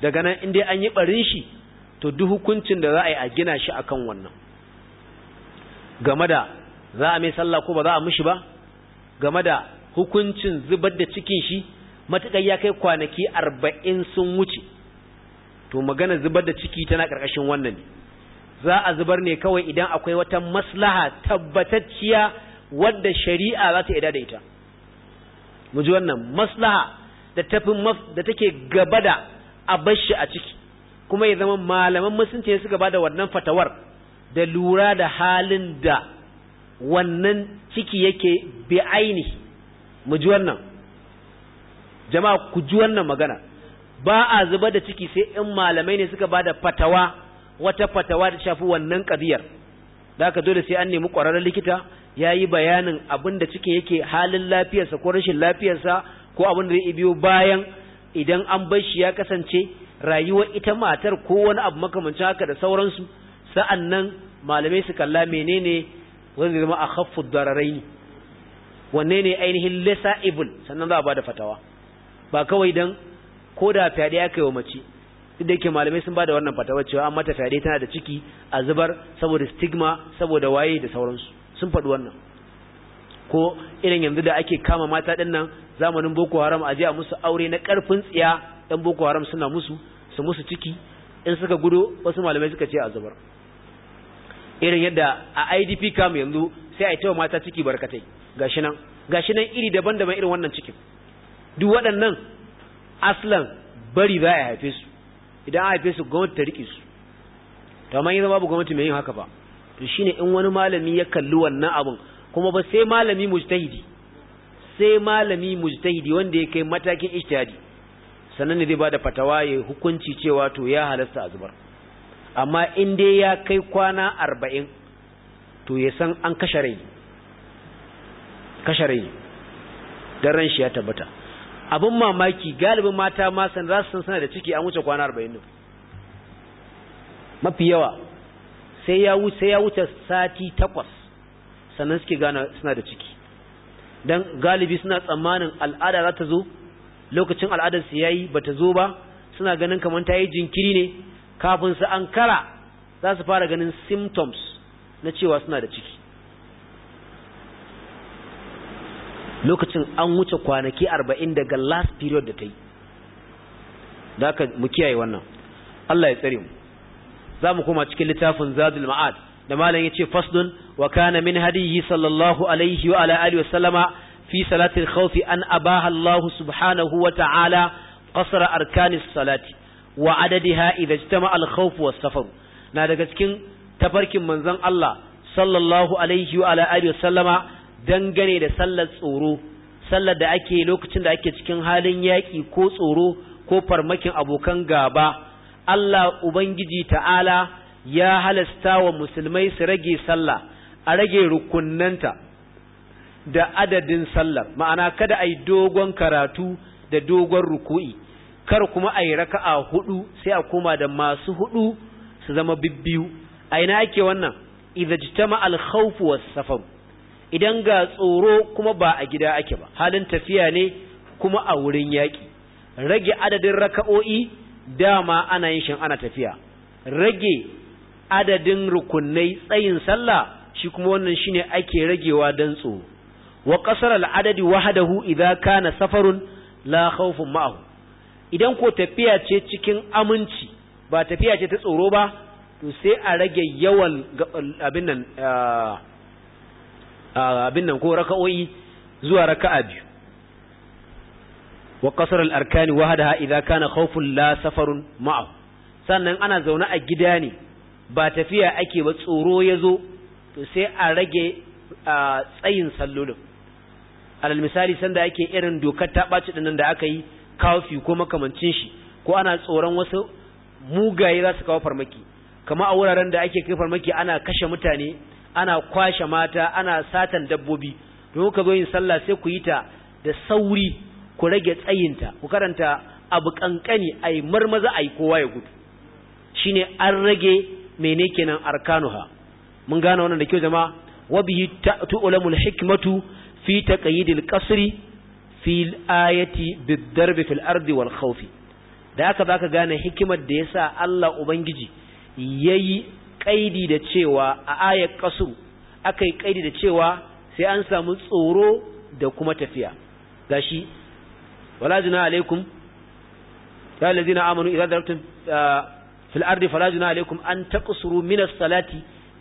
A: daga nan inda an yi barin shi to duk hukuncin da za a yi a gina shi a kan wannan game da za a mai sallah ko ba za a mishi ba game da hukuncin zubar da cikin shi matuƙar ya kai kwanaki arba'in sun wuce to magana zubar da ciki tana ƙarƙashin wannan ne za a zubar ne kawai idan akwai wata maslaha tabbatacciya wadda shari'a za ta yada da ita mu ji wannan maslaha da tafi da take gaba da a bashi a ciki kuma ya zama malaman musulunci suka bada wannan fatawar da lura da halin da wannan ciki yake bi aini mu ji wannan jama'a ku ji wannan magana ba a zuba da ciki sai in malamai ne suka ba da fatawa wata fatawa da shafi wannan kadiyar da aka dole sai an nemi ƙwararren likita ya yi bayanin abin da cikin yake halin lafiyarsa ko rashin lafiyarsa ko abin da zai biyo bayan idan an bar shi ya kasance rayuwar ita matar ko wani abu makamancin haka da sauransu sa'an nan malamai su kalla menene wanda zama a haffu dararai wanne ne ainihin lesa ibul sannan za a ba da fatawa ba kawai dan ko da fyaɗe aka yi wa mace duk da yake malamai sun ba da wannan fatawa cewa an mata fyaɗe tana da ciki a zubar saboda stigma saboda waye da sauransu sun faɗi wannan ko irin yanzu da ake kama mata ɗin nan zamanin boko haram a jiya musu aure na ƙarfin tsiya ɗan boko haram suna musu su musu ciki in suka gudo wasu malamai suka ce a zubar irin yadda a idp kam yanzu sai a yi tawa mata ciki barkatai gashi nan gashi nan iri daban-daban irin wannan cikin duk waɗannan aslan bari za a haife su idan a haife su gwamnati ta riƙe su to amma yanzu babu gwamnati mai yin haka ba shine in wani malami ya kalli wannan abun kuma ba sai malami mujtahidi sai malami mujtahidi wanda ya kai matakin ijtihadi sannan ne zai bada fatawa ya hukunci cewa to ya halasta a amma in dai ya kai kwana arba'in to ya san an kashe rai kashe don ran shi ya tabbata abin mamaki galibin mata ma san za su san da ciki an wuce kwana arba'in mafi yawa sai ya wuce ya wuce sati takwas sannan suke gane suna da ciki dan galibi suna tsammanin al'ada za ta zo lokacin al'adar su yayi ta zo ba suna ganin kamar ta yi jinkiri ne kafin su ankara za su fara ganin symptoms na cewa suna da ciki lokacin an wuce kwanaki arba'in daga last period da ta yi da mu kiyaye wannan Allah ya tsare mu za mu koma cikin littafin zadul ma'ad da malam yace faslun wa kana min hadiyi sallallahu alaihi wa ala alihi wa sallama fi salatil khawfi an abaha Allah subhanahu wa ta'ala qasra arkanis salati wa adadiha idza ijtama al khawf safar na daga cikin tafarkin manzon Allah sallallahu alaihi wa ala alihi wa sallama dangane da sallar tsoro sallar da ake lokacin da ake cikin halin yaƙi ko tsoro ko farmakin abokan gaba Allah Ubangiji ta'ala ya halasta wa musulmai su rage sallah a rage rukunanta da adadin sallah. ma'ana kada a dogon karatu da dogon ruku'i kar kuma a yi raka'a hudu sai a koma da masu hudu su zama bibbiyu a ina ake wannan idza jitama al-khawf idan ga tsoro kuma ba a gida ake ba halin tafiya ne kuma a wurin yaƙi. rage adadin raka'o'i dama ana yin shin ana tafiya rage adadin rukunai tsayin sallah shi kuma wannan shine ake ragewa dan tsoro wa qasara al-adadi wahdahu idza kana safarun la khawfun ma'ahu idan ko tafiya ce cikin aminci ba tafiya ce ta tsoro ba to sai a rage yawan abin nan ah, ah, abin nan ko raka'o'i zuwa raka'a biyu wa qasr al arkani wahdaha idza kana khawfun la safarun ma'a sannan ana zaune a gida ne ba tafiya ake ba tsoro ya zo sai a rage a tsayin sallolin alal misali sanda ake irin dokar ta baci dinnan da aka yi kafi ko makamancin shi ko ana tsoron wasu mugaye za su kawo farmaki kama a wuraren da ake kai farmaki ana kashe mutane ana kwashe mata ana satan dabbobi don ka zo yin sallah sai ku yi ta da sauri ku rage tsayinta ku karanta abu kankani ai marmaza ai kowa ya gudu shine an rage mene kenan arkanuha mun gane wannan da kyau jama'a wa bihi ta'lamul hikmatu fi taqyidil qasri fi ayati fil ardi wal khawf da haka zaka gane hikimar da yasa Allah ubangiji yayi kaidi da cewa a ayat qasr akai kaidi da cewa sai an samu tsoro da kuma tafiya gashi wala juna alaikum ya allazina amanu idza darabtum fil ardi an taqsuru min as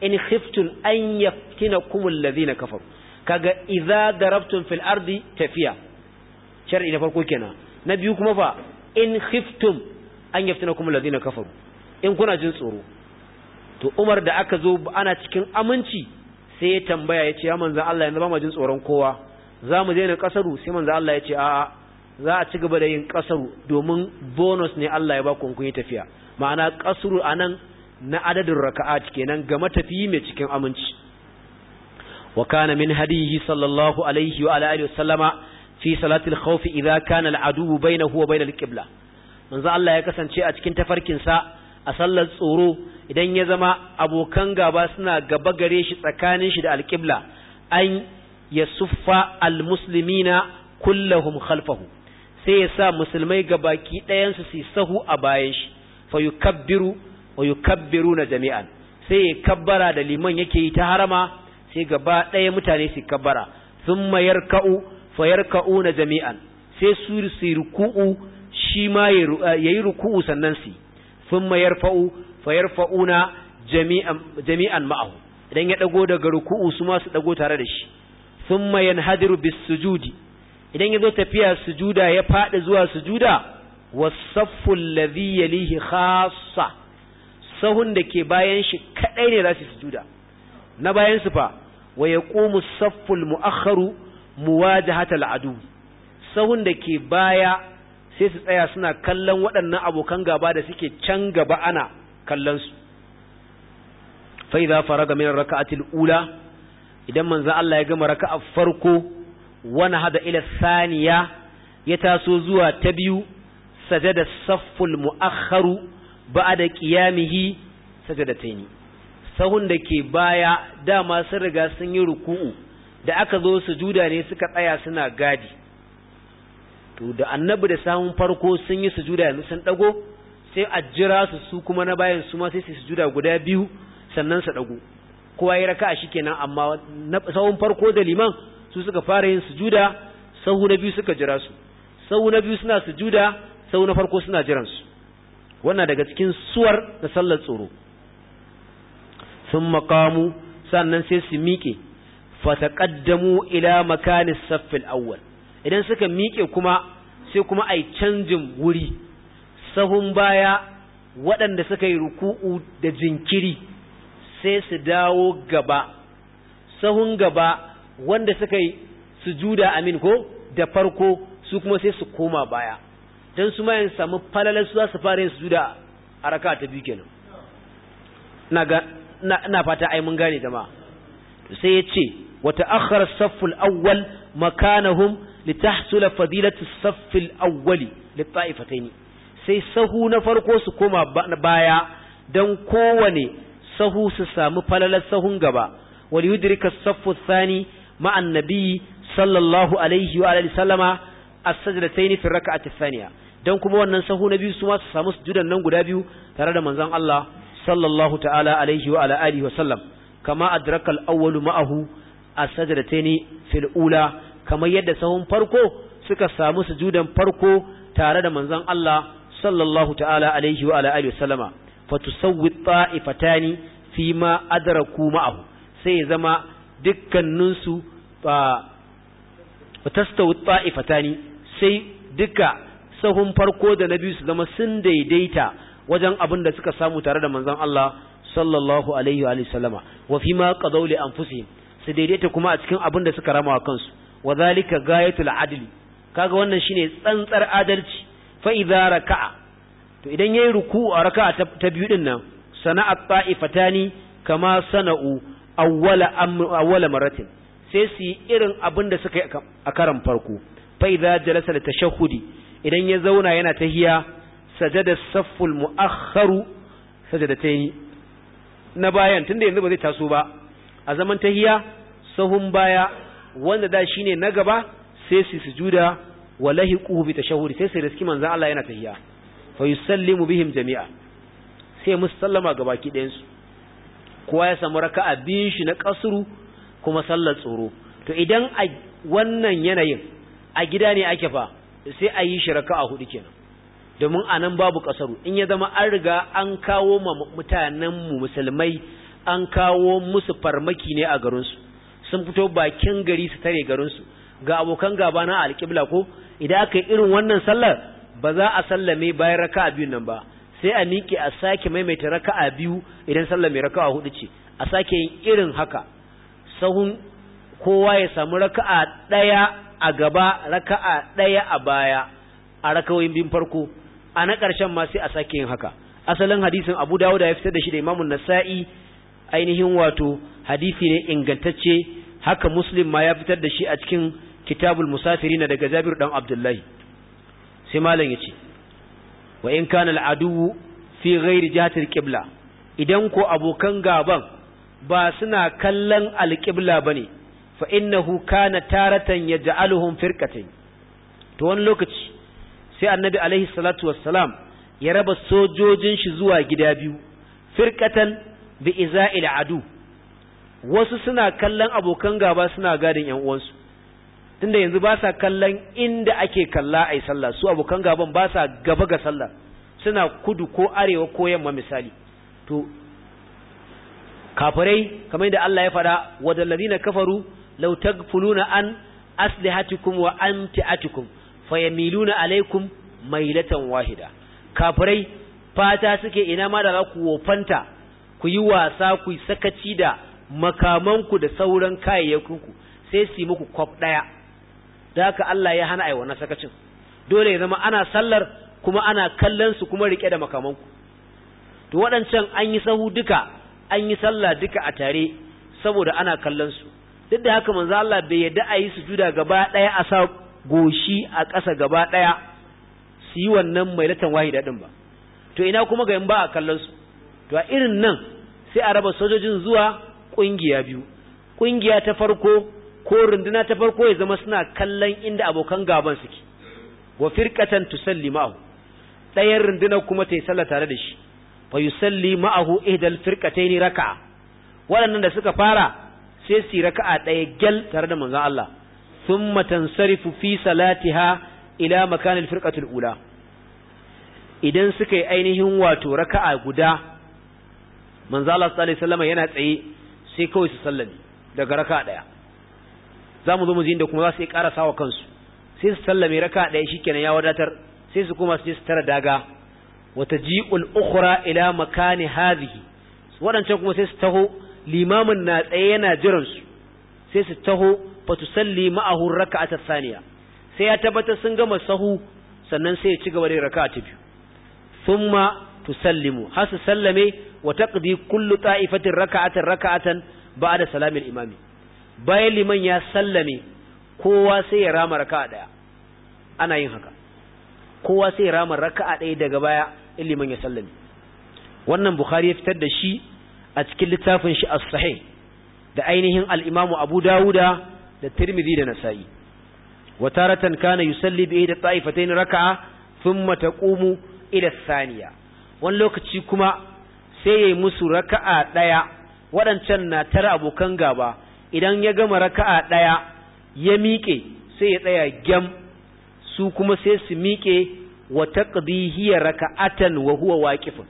A: in khiftum an yaftinakum allazina kafaru kaga idza darabtum fil ardi tafiya shar'i na farko kenan na biyu kuma fa in khiftum an yaftinakum allazina kafaru in kuna jin tsoro to Umar da aka zo ana cikin aminci sai ya tambaya ya ce ya manzan Allah yanzu ba mu jin tsoron kowa za mu daina kasaru sai manzan Allah ya ce a'a za a ci gaba da yin kasaru domin bonus ne Allah ya ba ku kun yi tafiya ma'ana kasaru anan na adadin raka'at kenan ga matafiyi mai cikin aminci wa kana min hadihi sallallahu alaihi wa alihi wasallama fi salatil khawf idza kana al'adu bainahu wa bainal qibla manzo Allah ya kasance a cikin tafarkin sa a sallar tsoro idan ya zama abokan gaba suna gaba gare shi tsakanin shi da alqibla an yasuffa almuslimina kullahum khalfahu sai ya sa musulmai ga baki ɗayansu su sahu a bayan shi fa yukabbiru wa yukabbiruna jami'an sai ya kabbara da liman yake yi ta harama sai gaba ɗaya mutane su kabbara thumma yarka'u fa yarka'una jami'an sai su ruku'u shi ma yi ruku'u sannan su thumma yarfa'u fa yarfa'una jami'an jami'an ma'ahu idan ya dago daga ruku'u su ma su dago tare da shi thumma yanhadiru bis sujudi idan ya zo tafiya sujuda ya faɗi zuwa sujuda wasaffu alladhi yalihi khassa sahun da ke bayan shi kadai ne za su sujuda na bayan su fa wa yaqumu saffu almu'akhkharu muwajahata al'adu sahun da ke baya sai su tsaya suna kallon waɗannan abokan gaba da suke can gaba ana kallon su fa idza faraga min raka'atil ula idan manzo Allah ya gama raka'a farko wani hada ila saniya ya taso zuwa ta biyu sajada safful mu'akharu ba'da qiyamihi taini sahun da ke baya dama sun riga sun yi ruku'u da aka zo su juda ne suka tsaya suna gadi to da annabi da sahun farko sun yi su juda yanzu sun dago sai a jira su su kuma na bayan su ma sai su juda guda biyu sannan su dago kowa ya raka'a shikenan amma sahun farko da liman su suka fara yin sujuda sahu na biyu suka jira su sahu na biyu suna sujuda sahu na farko suna jiran su wannan daga cikin suwar da sallar tsoro sun makamu sannan sai su miƙe fataqaddamu ila makani saffil awwal idan suka miƙe kuma sai kuma ai canjin wuri sahun baya waɗanda suka yi ruku'u da jinkiri sai su dawo gaba sahun gaba wanda suka yi sujuda amin ko da farko su kuma sai su koma baya don su ma yin samu falalar su za su fara yin sujuda a raka ta biyu kenan na ga fata ai mun gane jama'a sai ya ce wa ta'akhkhara safful awwal makanahum litahsula fadilatu as awwali li taifatayn sai sahu na farko su koma baya dan kowane sahu su samu falalar sahun gaba wal yudrika as-saffu thani ma'an nabi sallallahu alaihi wa alihi sallama as-sajdatayn fi rak'ati ath dan kuma wannan sahu na biyu su ma su samu sujudan nan guda biyu tare da manzon Allah sallallahu ta'ala alaihi wa ala wa sallam kama adraka al ma'ahu as-sajdatayn fil ula kamar yadda sahun farko suka samu sujudan farko tare da manzon Allah sallallahu ta'ala wa fi ma adraku ma'ahu sai ya zama dukkaninsu tastawu ta'ifatani sai duka sahun farko da na biyu su zama sun daidaita wajen abin da suka samu tare da manzon Allah sallallahu alaihi wa sallama wa fi ma qadaw li anfusihim su daidaita kuma a cikin abin da suka rama kansu wa zalika gayatul adli kaga wannan shine tsantsar adalci fa idza raka'a to idan yayi ruku'u a raka'a ta biyu din nan sana'a ta'ifatani kama sana'u awwala amr awwala maratin sai su yi irin abin da suka yi a karan farko fai za jalasa da tashahudi idan ya zauna yana tahiya sajada saful mu'akharu sajada ta yi na bayan tunda yanzu ba zai taso ba a zaman tahiya sahun baya wanda da shi ne na gaba sai su su juda wa lahiqu bi tashahudi sai su riski manzo Allah yana tahiya fa mu bihim jami'a sai musu ga baki ɗayansu. kowa ya samu raka'a biyun shi na ƙasuru kuma sallar tsoro to idan a wannan yanayin a gida ne ake fa sai a yi shi raka'a hudu kenan domin a nan babu kasaru in ya zama an riga an kawo ma mutanen musulmai an kawo musu farmaki ne a garinsu sun fito bakin gari su tare garinsu ga abokan gaba na alƙibla ko idan aka yi irin wannan sallar ba za a sallame bayan raka'a biyu nan ba sai a miki a sake maimaita raka'a biyu idan sallar mai raka'a hudu ce a sake yin irin haka sahun kowa ya samu raka'a ɗaya a gaba raka'a ɗaya a baya a rakawoyin bin farko a na ƙarshen ma sai a sake yin haka asalin hadisin abu dawuda ya fitar da shi da imamun nasa'i ainihin wato hadisi ne ingantacce haka muslim ma ya fitar da shi a cikin kitabul musafirina daga jabir dan abdullahi sai malam ya ce wa in kana al'adu fi ghairi jihatil qibla idan ko abokan gaban ba suna kallon alƙibla ba ne fa innahu kana taratan ya ja'aluhum firkatai to wani lokaci sai annabi alaihi salatu wassalam ya raba sojojin shi zuwa gida biyu firkatan bi iza'il adu wasu suna kallon abokan gaba suna gadin yan uwansu tunda yanzu ba sa kallon inda ake kalla a yi sallah su abokan gaban ba sa gaba ga sallah suna kudu ko arewa ko yamma misali to kafirai kamar yadda Allah ya faɗa wadallazina kafaru law tagfuluna an aslihatikum wa amtiatikum fayamiluna alaikum mailatan wahida kafirai fata suke ina ma da ku wofanta ku yi wasa ku sakaci da makamanku da sauran kayayyakinku sai su yi muku kwaf ɗaya da haka Allah ya hana aiwana sakacin dole ya zama ana sallar kuma ana kallon su kuma rike da makamanku to waɗancan an yi sahu duka an yi sallah duka a tare saboda ana kallon su duk da haka manzo Allah bai yadda a yi sujuda gaba daya a sa goshi a ƙasa gaba daya su yi wannan mailatan wahida din ba to ina kuma ga in ba a kallon su to a irin nan sai a raba sojojin zuwa kungiya biyu kungiya ta farko ko runduna ta farko ya zama suna kallon inda abokan gaban suke wa firqatan tusallimahu ma'ahu ɗayan rundunar kuma ta yi sallah tare da shi fa yusalli ma'ahu ihdal firqatayn raka'a waɗannan da suka fara sai su raka'a ɗaya gel tare da manzon Allah thumma tansarifu fi salatiha ila makanil firqatul ula idan suka yi ainihin wato raka'a guda manzon Allah sallallahu alaihi wasallam yana tsaye sai kawai su sallami daga raka'a ɗaya za mu zo mu ji inda kuma za su yi ƙara wa kansu sai su sallame raka'a ɗaya shikenan ya wadatar sai su kuma su je su tara daga wata ji'ul ukhra ila makani hadhihi waɗancan kuma sai su taho limamin na tsaye yana jiran su sai su taho fa salli ma'ahu raka'ata thaniya sai ya tabbatar sun gama sahu sannan sai ya ci gaba da raka'a ta biyu thumma tusallimu har su sallame wa taqdi kullu ta'ifatin raka'atan raka'atan ba'da salamil imami bayan liman ya sallame kowa sai ya rama raka'a daya ana yin haka kowa sai ya rama raka'a ɗaya daga baya Ilimin ya sallami wannan bukhari ya fitar da shi a cikin littafin shi as-sahih da ainihin al-imamu abu dawuda da tirmidhi da nasa'i wa taratan kana yusalli bi da ta'ifatayn raka'a thumma taqumu ila ath saniya. wani lokaci kuma sai yayi musu raka'a daya wadancan na tar abokan gaba idan ya gama raka'a daya ya miƙe sai ya tsaya gyam su kuma sai su miƙe wa taqdi hiya raka'atan wa huwa waqifun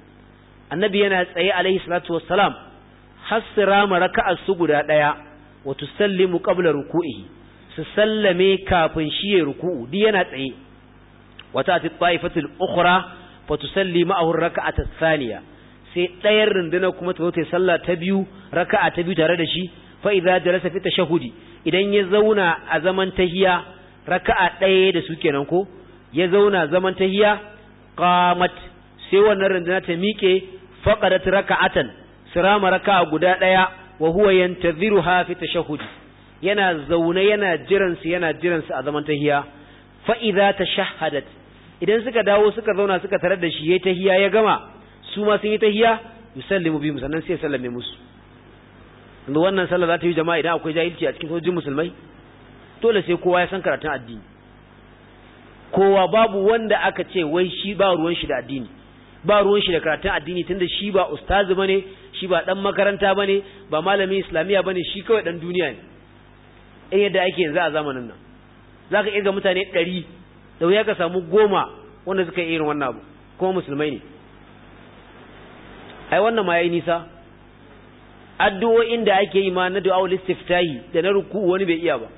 A: annabi yana tsaye alaihi salatu wassalam hasira ma raka'ar su guda daya wa tusallimu qabla ruku'ihi su sallame kafin shi ya ruku'u di yana tsaye wa ta'ti ta'ifatul ukhra fa tusalli ma'ahu raka'ata thaniya sai ɗayan runduna kuma ta zo ta sallah ta biyu raka'a ta biyu tare da shi fa idza jalasa fi tashahudi idan ya zauna a zaman tahiya raka'a ɗaya da su kenan ko ya zauna zaman tahiya qamat sai wannan randana ta miƙe faqadat raka'atan sirama raka'a guda daya wa huwa yantaziruha fi tashahhud yana zaune yana jiran su yana jiran su a zaman tahiya fa idza tashahhadat idan suka dawo suka zauna suka tarar da shi yayi tahiya ya gama su ma sun yi tahiya yusallimu bihim sannan sai sallame musu wannan sallah za ta yi jama'a idan akwai jahilci a cikin sojojin musulmai dole sai kowa ya san karatun addini kowa babu wanda aka ce wai shi ba ruwan shi da addini ba ruwan shi da karatun addini tunda shi ba ustazi bane shi ba dan makaranta bane ba malamin islamiya bane shi kawai dan duniya ne in yadda ake yanzu a zamanin nan zaka ga mutane 100 da wuya ka samu goma wanda suka yi irin wannan abu Ko musulmai ne ai wannan ma yayi nisa addu'o'in da ake yi ma na du'a ul istiftahi da na ruku wani bai iya ba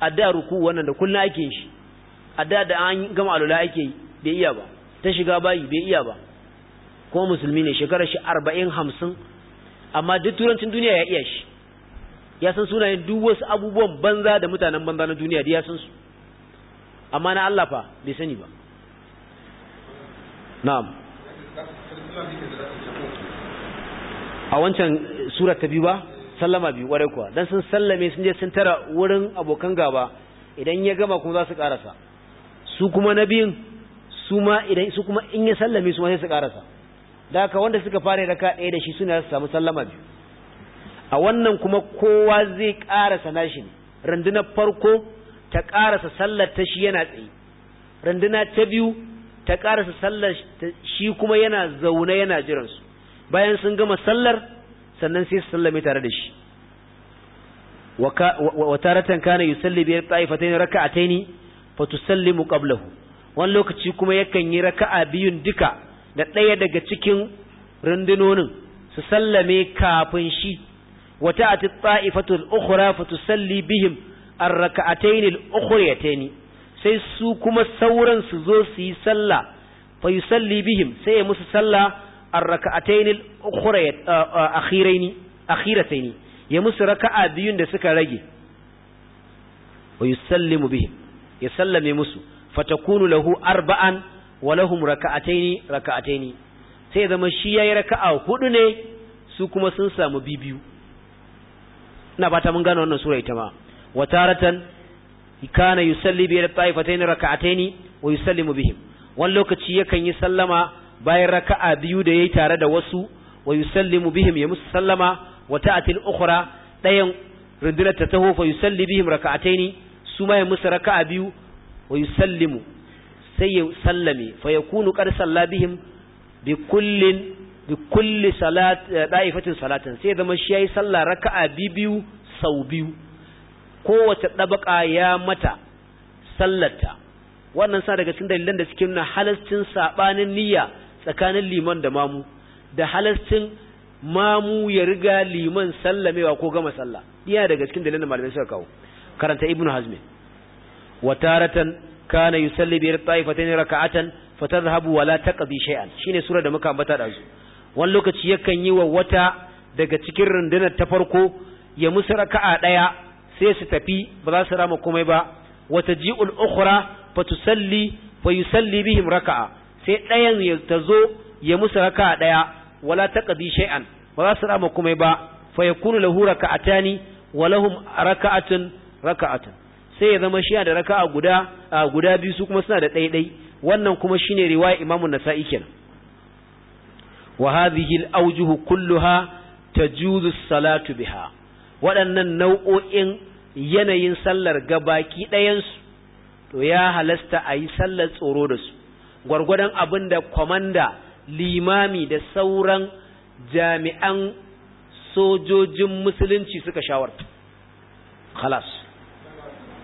A: addu'a ruku wannan da kullun ake yin shi a da da an gama alula ake bai iya ba ta shiga bayi bai iya ba kuma musulmi ne shekarar shi arba'in hamsin amma duk turancin duniya ya iya shi ya san sunayen duk wasu abubuwan banza da mutanen banza na duniya da ya san su amma na Allah fa bai sani ba na'am a wancan eh, sura ta biyu ba sallama biyu ware kuwa don sun sallame sun je sun tara wurin abokan gaba idan ya gama kuma za su karasa su kuma na biyun su ma idan su kuma in ya sallame su ma sai su karasa da haka wanda suka fara raka ɗaya da shi suna su samu sallama biyu a wannan kuma kowa zai karasa nashi ne randuna farko ta karasa sallar ta shi yana tsaye randuna ta biyu ta karasa sallar shi kuma yana zaune yana jiransu bayan sun gama sallar sannan sai su sallame tare da shi wa taratan kana yusalli bi ta'ifatayn raka'atayn fa tusallimu qablahu wani lokaci kuma yakan yi raka'a biyun duka da ɗaya daga cikin rundunonin su sallame kafin shi wata ati al ukhra fa tusalli bihim ar-raka'atayn al-ukhriyatayn sai su kuma sauran su zo su yi sallah fa yusalli bihim sai ya musu sallah ar-raka'atayn al-ukhriyatayn akhiratayn ya musu raka'a biyun da suka rage wa yusallimu bihim ya sallame musu fatakunu lahu arba'an wa lahum raka'ataini raka'ataini sai zama shi yayi raka'a hudu ne su kuma sun samu bibiyu ina fata mun gane wannan sura ita ma wa taratan kana yusalli bi al-ta'ifataini raka'ataini wa yusallimu bihim wani lokaci yakan yi sallama bayan raka'a biyu da yayi tare da wasu wa yusallimu bihim ya musu sallama wa ta'atil ukhra dayan rundunar ta taho fa yusalli bihim raka'ataini su ma ya musu a biyu wa sallimu sai ya sallame fa yakunu qad salla bihim bi kulli ɗa'ifatin eh, salatin sai zama shi salla raka a biyu sau biyu kowace dabaka ya mata sallata wannan sa daga cikin dalilan da suke nuna halascin sabanin niyya tsakanin liman da mamu da halascin mamu ya riga liman sallamewa ko gama sallah iya daga cikin dalilan da malamai suka kawo karanta ibnu hazm wa taratan kana yusalli bi ta'ifatayn raka'atan fatadhhabu wa la taqdi shay'an shine sura da muka ambata dazu wani lokaci yakan yi wa wata daga cikin rundunar ta farko ya musu raka'a daya sai su tafi ba za su rama komai ba wata ji'ul ukhra fatusalli fayusalli bihim raka'a sai dayan ya tazo ya musu raka'a daya wala taqdi shay'an ba za su rama komai ba fa fayakunu lahu raka'atani wa lahum raka'atun raka'atan sai ya zama shi da raka'a guda a guda biyu su kuma suna da ɗaiɗai wannan kuma shine riwaya imamu nasa'i kenan wa hadhihi al-awjuhu kulluha tajuzu salatu biha waɗannan nau'o'in yanayin sallar gabaki ɗayansu to ya halasta a sallar tsoro da su gwargwadon abinda da kwamanda limami da sauran jami'an sojojin musulunci suka shawarta khalas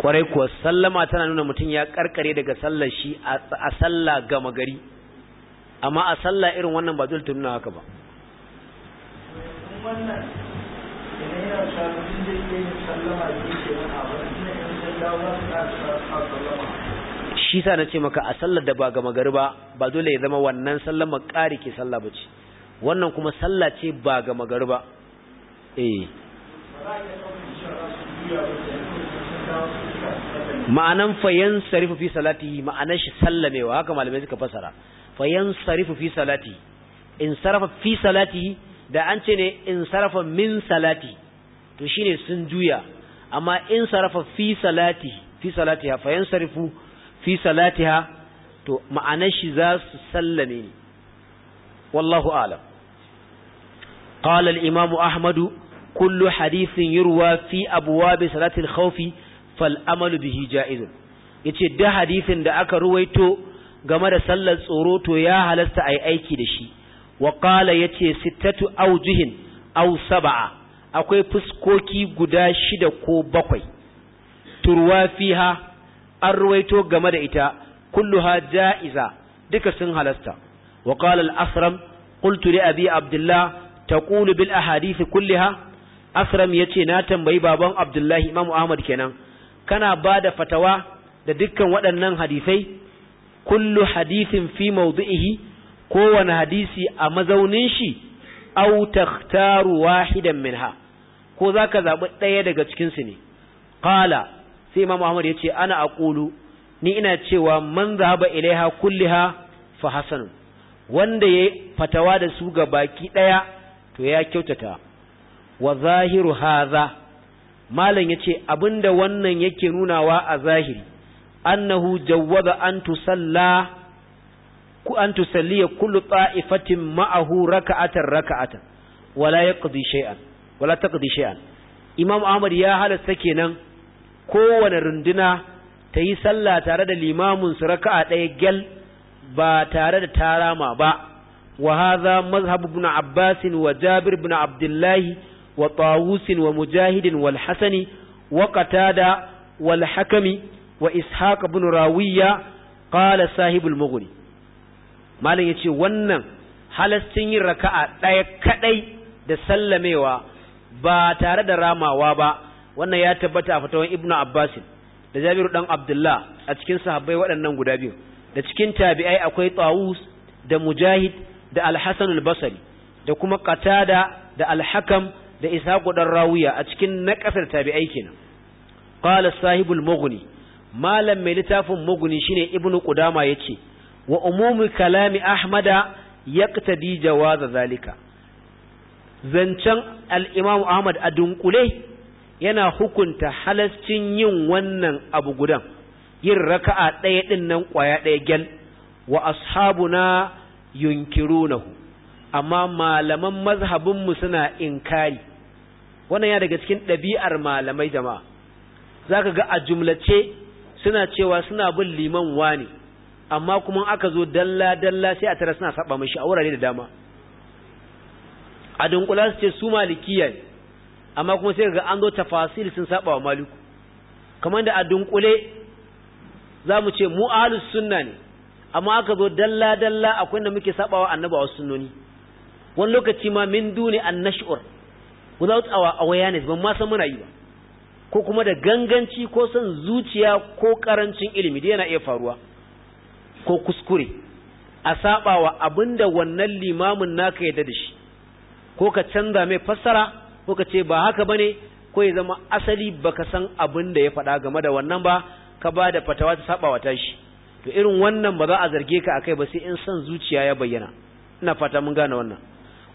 A: kwarai kuwa sallama tana nuna mutum ya karkare daga sallar shi a sallah gama gari amma a sallah irin wannan ba zai nuna haka ba shi sa na ce maka a sallar da ba gama gari ba ba dole ya zama wannan sallama ƙari ke sallah ba ce wannan kuma sallah ce ba gama gari ba eh ma'anan fayan sarifu fi salati ma'anan shi sallamewa haka malamai suka fasara fayan sarifu fi salati in sarafa fi salati da an ce ne in sarafa min salati to shine sun juya amma in sarafa fi salati fi salatiha fayan sarifu fi salatiha to ma'anan shi za su sallame ne wallahu a'lam qala al-imam ahmadu kullu hadisin yurwa fi abwab salati fal amalu bihi Ya yace da hadisin da aka ruwaito game da sallar tsoro to ya halasta ai aiki da shi wa qala yace sittatu awjuhin aw sab'a akwai fuskoki guda shida ko bakwai turwa fiha an ruwaito game da ita kulluha jaiza duka sun halasta wa qala al-asram qultu li abi abdullah taqulu bil ahadith kulliha asram yace na tambayi baban abdullahi imamu ahmad kenan kana ba da fatawa da dukkan waɗannan hadisai kullu hadisin fi mawdu'ihi kowane hadisi a mazaunin shi aw takhtaru wahidan minha ko zaka zabi ɗaya daga cikin su ne qala sai imam Muhammad yace ana aqulu ni ina cewa man zaba ilaiha kulliha fa hasan wanda yayi fatawa da su ga baki ɗaya to ya kyautata wa zahiru hadha malam yace abinda wannan yake nunawa a zahiri annahu jawwaza an tusalla ku an tusalliya kullu ta'ifatin ma'ahu raka'atan raka'atan wala yaqdi shay'an wala taqdi shay'an imam ahmad ya halatta kenan kowane runduna ta yi sallah tare da limamin su raka'a ɗaya gel ba tare da tarama ba wa hadha mazhab ibn abbas wa jabir ibn abdullahi wa tawusin wa mujahidin wal hasani wa qatada wal wa ishaq bunu rawiya qala sahibul mughni malam ce wannan halastin yin raka'a ɗaya kaɗai da sallamewa ba tare da ramawa ba wannan ya tabbata a fatawan ibnu abbasin da jabiru dan abdullah a cikin sahabbai waɗannan guda biyu da cikin tabi'ai akwai tawus da mujahid da alhassan albasari da kuma ƙatada da alhakam da ishaku dan rawiya a cikin naqasar tabi'ai kenan qala sahibul mughni malam mai littafin mughni shine ibnu qudama yace wa umumi kalami ahmada yaqtadi jawaz zalika zancen al-imam ahmad a yana hukunta halascin yin wannan abu gudan yin raka'a ɗaya ɗin nan ƙwaya ɗaya gyal wa ashabuna yunkirunahu amma malaman mazhabinmu suna inkari wannan ya daga cikin ɗabi'ar malamai jama'a za ka ga a jumlace suna cewa suna bin liman wani amma kuma aka zo dalla dalla sai a tara suna saba mashi a wurare da dama a dunkula su ce su malikiya ne amma kuma sai ga an zo tafasil sun saba wa maliku kamar da a dunkule za mu ce mu sunna ne amma aka zo dalla dalla akwai da muke annaba wasu sunnoni wani lokaci ma min duni an nashi'ur without our awareness ban ma san muna yi ba ko kuma da ganganci ko son zuciya ko karancin ilimi da yana iya faruwa ko kuskure a saɓawa abinda wannan limamin naka yadda da shi ko ka canza mai fassara ko ka ce ba haka bane ko ya zama asali baka san abinda ya faɗa game da wannan ba ka ba da fatawa ta sabawa ta shi to irin wannan ba za a zarge ka akai ba sai in san zuciya ya bayyana ina fata mun gane wannan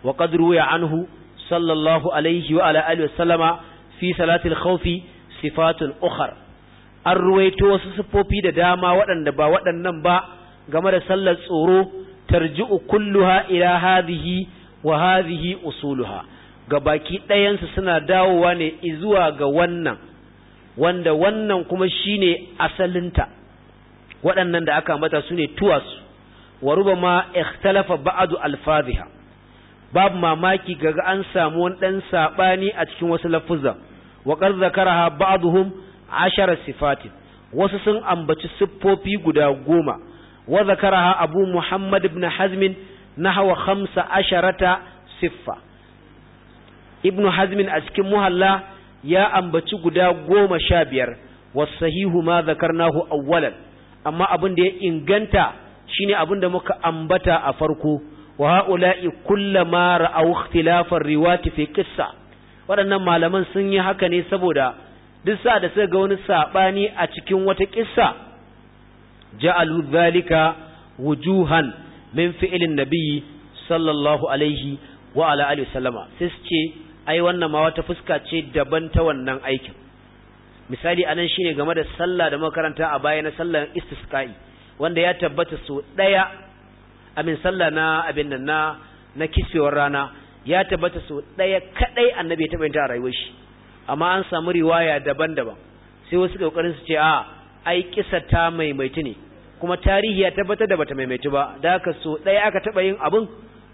A: wa qadru ya anhu sallallahu alaihi wa ala alihi wasallama fi salatil khawfi sifatun ukhar an ruwaito wasu siffofi da dama waɗanda ba waɗannan ba game da sallar tsoro tarji'u kulluha ila hadhihi wa hadhihi usuluha ga baki ɗayansu suna dawowa ne zuwa ga wannan wanda wannan kuma shine asalinta waɗannan da aka mata su ne tuwas wa rubama ikhtalafa ba'adu alfadhiha babu mamaki ga an samu wani ɗan saɓani a cikin wasu lafuzza wa qad zakaraha ba'dhum ashara sifatin wasu sun ambaci siffofi guda goma wa zakaraha abu muhammad ibn hazm nahwa khamsa asharata siffa ibn Hazmin a cikin muhalla ya ambaci guda goma sha biyar wasahihu ma zakarnahu awwalan amma abin da ya inganta shine abin da muka ambata a farko wa ha'ula'i kullama ra'aw ikhtilafar riwati fi qissa waɗannan malaman sun yi haka ne saboda duk sa da suka ga wani sabani a cikin wata kissa ja'alu zalika wujuhan min fi'ilin nabiyyi sallallahu alaihi wa ala alihi sallama sai su ce ai wannan ma wata fuska ce daban ta wannan aikin misali anan shine game da sallah da makaranta a baya na sallar istisqa'i wanda ya tabbata so daya amin sallah na abin nan na na kisewar rana ya tabbata so daya kadai annabi ya taba yin ta rayuwar shi amma an samu riwaya daban-daban sai wasu kokarin su ce a ai kisa ta maimaitu ne kuma tarihi ya tabbatar da bata maimaitu ba da haka so daya aka taba yin abun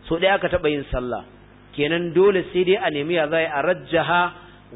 A: so daya aka taba yin sallah kenan dole sai dai a nemi ya zai a rajjaha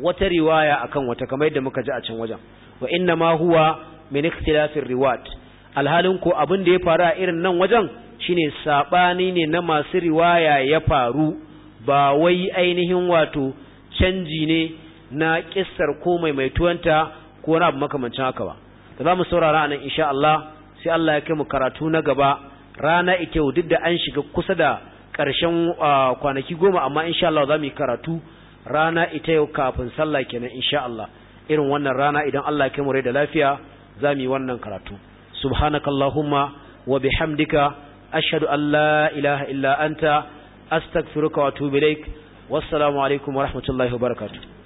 A: wata riwaya akan wata kamar yadda muka ji a can wajen wa inna ma huwa min ikhtilafir riwat alhalin ko abin da ya faru a irin nan wajen shine saɓani ne na masu riwaya ya faru ba wai ainihin wato canji ne na kissar ko maimaituwanta ko na abu makamancin haka ba da za mu saurara anan insha Allah sai Allah ya kai mu karatu na gaba rana ita duk da an shiga kusa da ƙarshen kwanaki goma amma insha Allah za mu yi karatu rana ita yau kafin sallah kenan insha Allah irin wannan rana idan Allah ya kai mu rai da lafiya za mu yi wannan karatu subhanakallahumma wa bihamdika ashadu an la ilaha illa anta astaghfiruka wa atubu ilaik wassalamu alaikum wa rahmatullahi wa barakatuh